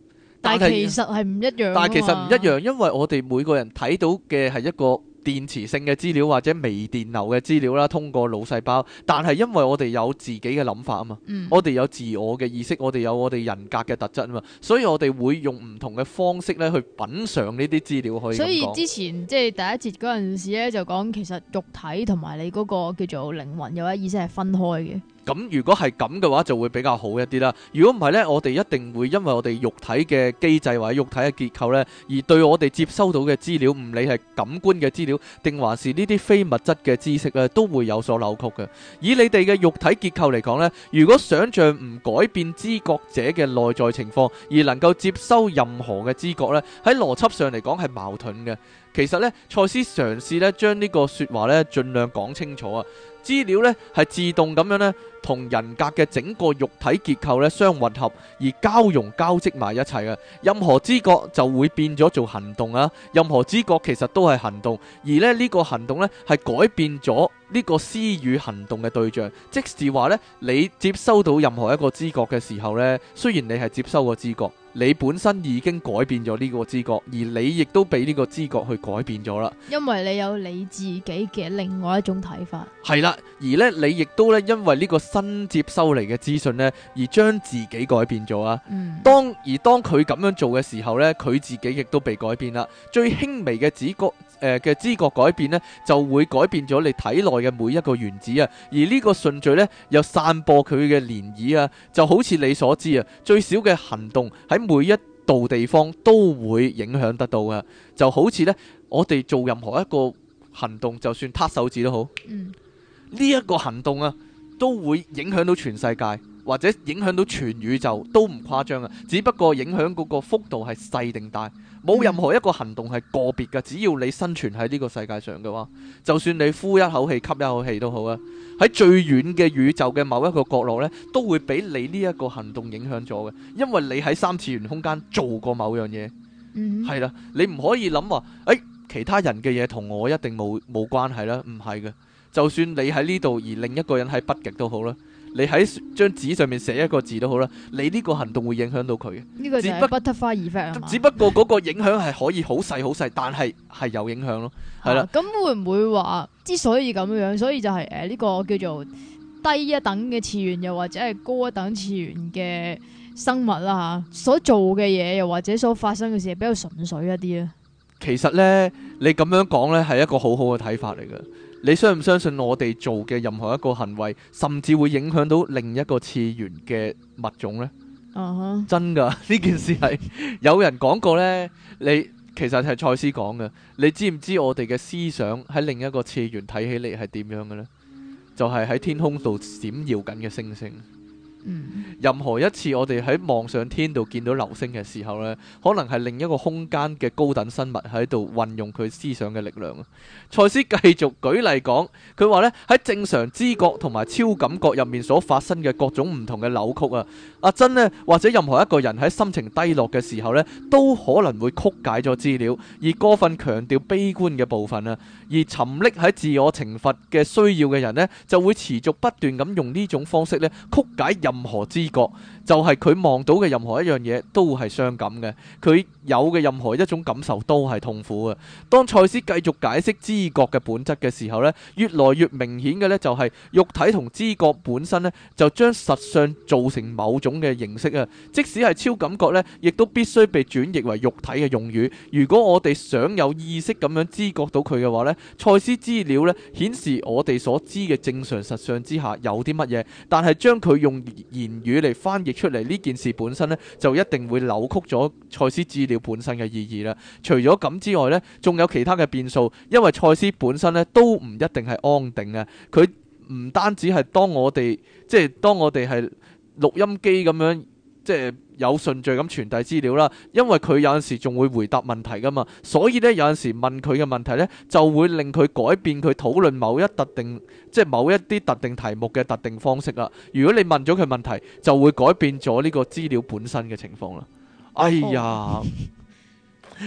但係其實係唔一樣，但係其實唔一樣，因為我哋每個人睇到嘅係一個電磁性嘅資料或者微電流嘅資料啦，通過腦細胞，但係因為我哋有自己嘅諗法啊嘛，嗯、我哋有自我嘅意識，我哋有我哋人格嘅特質啊嘛，所以我哋會用唔同嘅方式咧去品嚐呢啲資料。可以。所以之前即係第一節嗰陣時咧，就講其實肉體同埋你嗰個叫做靈魂有一個意思係分開嘅。咁如果係咁嘅話，就會比較好一啲啦。如果唔係呢，我哋一定會因為我哋肉體嘅機制或者肉體嘅結構呢，而對我哋接收到嘅資料，唔理係感官嘅資料，定還是呢啲非物質嘅知識呢，都會有所扭曲嘅。以你哋嘅肉體結構嚟講呢，如果想象唔改變知覺者嘅內在情況，而能夠接收任何嘅知覺呢，喺邏輯上嚟講係矛盾嘅。其實呢，賽斯嘗試呢將呢個說話呢儘量講清楚啊。資料呢係自動咁樣呢。同人格嘅整個肉體結構咧相混合而交融交織埋一齊嘅，任何知覺就會變咗做行動啊！任何知覺其實都係行動，而咧呢個行動咧係改變咗呢個私與行動嘅對象，即是話咧你接收到任何一個知覺嘅時候咧，雖然你係接收個知覺，你本身已經改變咗呢個知覺，而你亦都俾呢個知覺去改變咗啦。因為你有你自己嘅另外一種睇法，係啦，而咧你亦都咧因為呢個。新接收嚟嘅資訊呢，而將自己改變咗啊！嗯、當而當佢咁樣做嘅時候呢，佢自己亦都被改變啦。最輕微嘅知覺誒嘅知覺改變呢，就會改變咗你體內嘅每一個原子啊！而呢個順序呢，又散播佢嘅漣漪啊，就好似你所知啊，最少嘅行動喺每一度地方都會影響得到㗎，就好似呢，我哋做任何一個行動，就算撻手指都好，呢一、嗯、個行動啊！都會影響到全世界，或者影響到全宇宙都唔誇張啊，只不過影響嗰個幅度係細定大，冇任何一個行動係個別嘅。只要你生存喺呢個世界上嘅話，就算你呼一口氣、吸一口氣都好啊，喺最遠嘅宇宙嘅某一個角落呢，都會俾你呢一個行動影響咗嘅，因為你喺三次元空間做過某樣嘢，係啦，mm hmm.，你唔可以諗話，誒、哎，其他人嘅嘢同我一定冇冇關係啦，唔係嘅。就算你喺呢度，而另一個人喺北極都好啦，你喺張紙上面寫一個字都好啦，你呢個行動會影響到佢嘅，不 只不過 butterfly effect 啊嘛，只不過嗰個影響係可以好細好細，但係係有影響咯，係啦、啊。咁的、啊、會唔會話之所以咁樣，所以就係誒呢個叫做低一等嘅次元，又或者係高一等次元嘅生物啦嚇、啊，所做嘅嘢又或者所發生嘅事比較純粹一啲啊？其實呢，你咁樣講呢，係一個好好嘅睇法嚟嘅。你相唔相信我哋做嘅任何一個行為甚至會影響到另一個次元嘅物種咧？Uh huh. 真噶，呢件事係 有人講過咧。你其實係賽斯講嘅。你知唔知我哋嘅思想喺另一個次元睇起嚟係點樣嘅咧？就係、是、喺天空度閃耀緊嘅星星。任何一次我哋喺望上天度見到流星嘅時候呢，可能係另一個空間嘅高等生物喺度運用佢思想嘅力量啊！賽斯繼續舉例講，佢話呢，喺正常知覺同埋超感覺入面所發生嘅各種唔同嘅扭曲啊！阿珍咧，或者任何一個人喺心情低落嘅時候咧，都可能會曲解咗資料，而過分強調悲觀嘅部分啦。而沉溺喺自我懲罰嘅需要嘅人咧，就會持續不斷咁用呢種方式咧曲解任何知覺。就係佢望到嘅任何一樣嘢都係傷感嘅，佢有嘅任何一種感受都係痛苦嘅。當賽斯繼續解釋知覺嘅本質嘅時候咧，越來越明顯嘅咧就係肉體同知覺本身咧，就將實相造成某種嘅形式啊！即使係超感覺咧，亦都必須被轉譯為肉體嘅用語。如果我哋想有意識咁樣知覺到佢嘅話咧，賽斯資料咧顯示我哋所知嘅正常實相之下有啲乜嘢，但係將佢用言語嚟翻譯出嚟呢件事本身呢，就一定會扭曲咗賽斯資料本身嘅意義啦。除咗咁之外呢，仲有其他嘅變數，因為賽斯本身呢，都唔一定係安定嘅，佢唔單止係當我哋，即係當我哋係錄音機咁樣。即係有順序咁傳遞資料啦，因為佢有陣時仲會回答問題噶嘛，所以呢，有陣時問佢嘅問題呢，就會令佢改變佢討論某一特定，即係某一啲特定題目嘅特定方式啦。如果你問咗佢問題，就會改變咗呢個資料本身嘅情況啦。哎呀，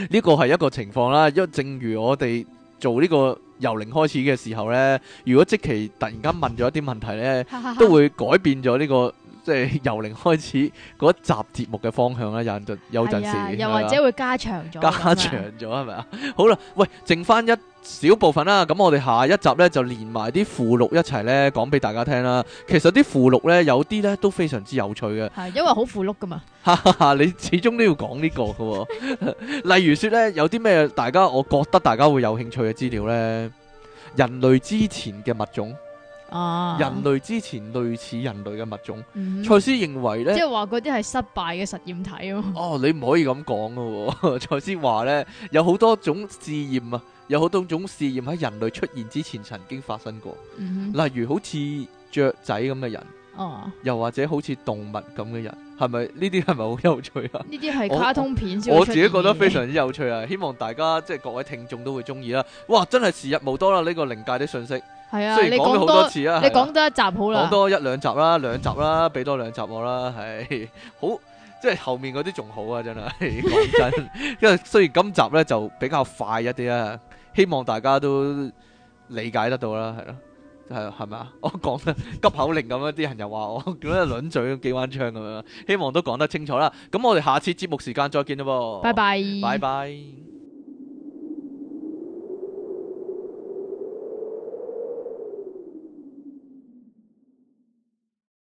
呢個係一個情況啦，因正如我哋做呢個。由零開始嘅時候咧，如果即期突然間問咗一啲問題咧， 都會改變咗呢、呢個即係、就是、由零開始一集節目嘅方向啦。有陣有陣時 又或者會加長咗，加長咗係咪啊？好啦，喂，剩翻一。少部分啦，咁我哋下一集呢，就連埋啲附錄一齊呢，講俾大家聽啦。其實啲附錄呢，有啲呢都非常之有趣嘅。因為好附錄噶嘛。 你始終都要講呢個噶、喔。 例如說呢，有啲咩大家我覺得大家會有興趣嘅資料呢？人類之前嘅物種啊，人類之前類似人類嘅物種。賽斯、嗯、認為呢，即係話嗰啲係失敗嘅實驗體咯。哦，你唔可以咁講噶。賽斯話呢，有好多種試驗啊。有好多種試驗喺人類出現之前曾經發生過，嗯、哼例如好似雀仔咁嘅人，哦、又或者好似動物咁嘅人，係咪呢啲係咪好有趣啊？呢啲係卡通片我，我自己覺得非常之有趣啊！希望大家即係各位聽眾都會中意啦。哇，真係是時日無多啦！呢、這個靈界嘅訊息，係啊，雖然講咗好多次啊，你講多、啊、你講一集好啦，講多一兩集啦、啊，兩集啦、啊，俾多兩集我、啊、啦，係、啊、好，即係後面嗰啲仲好啊！真係講真，因為雖然今集咧就比較快一啲啊。希望大家都理解得到啦，係咯，係，係咪啊？我講 得急口令咁樣，啲人又話我叫得 輪嘴幾彎槍咁樣。希望都講得清楚啦。咁我哋下次節目時間再見啦，噃。拜拜，拜拜。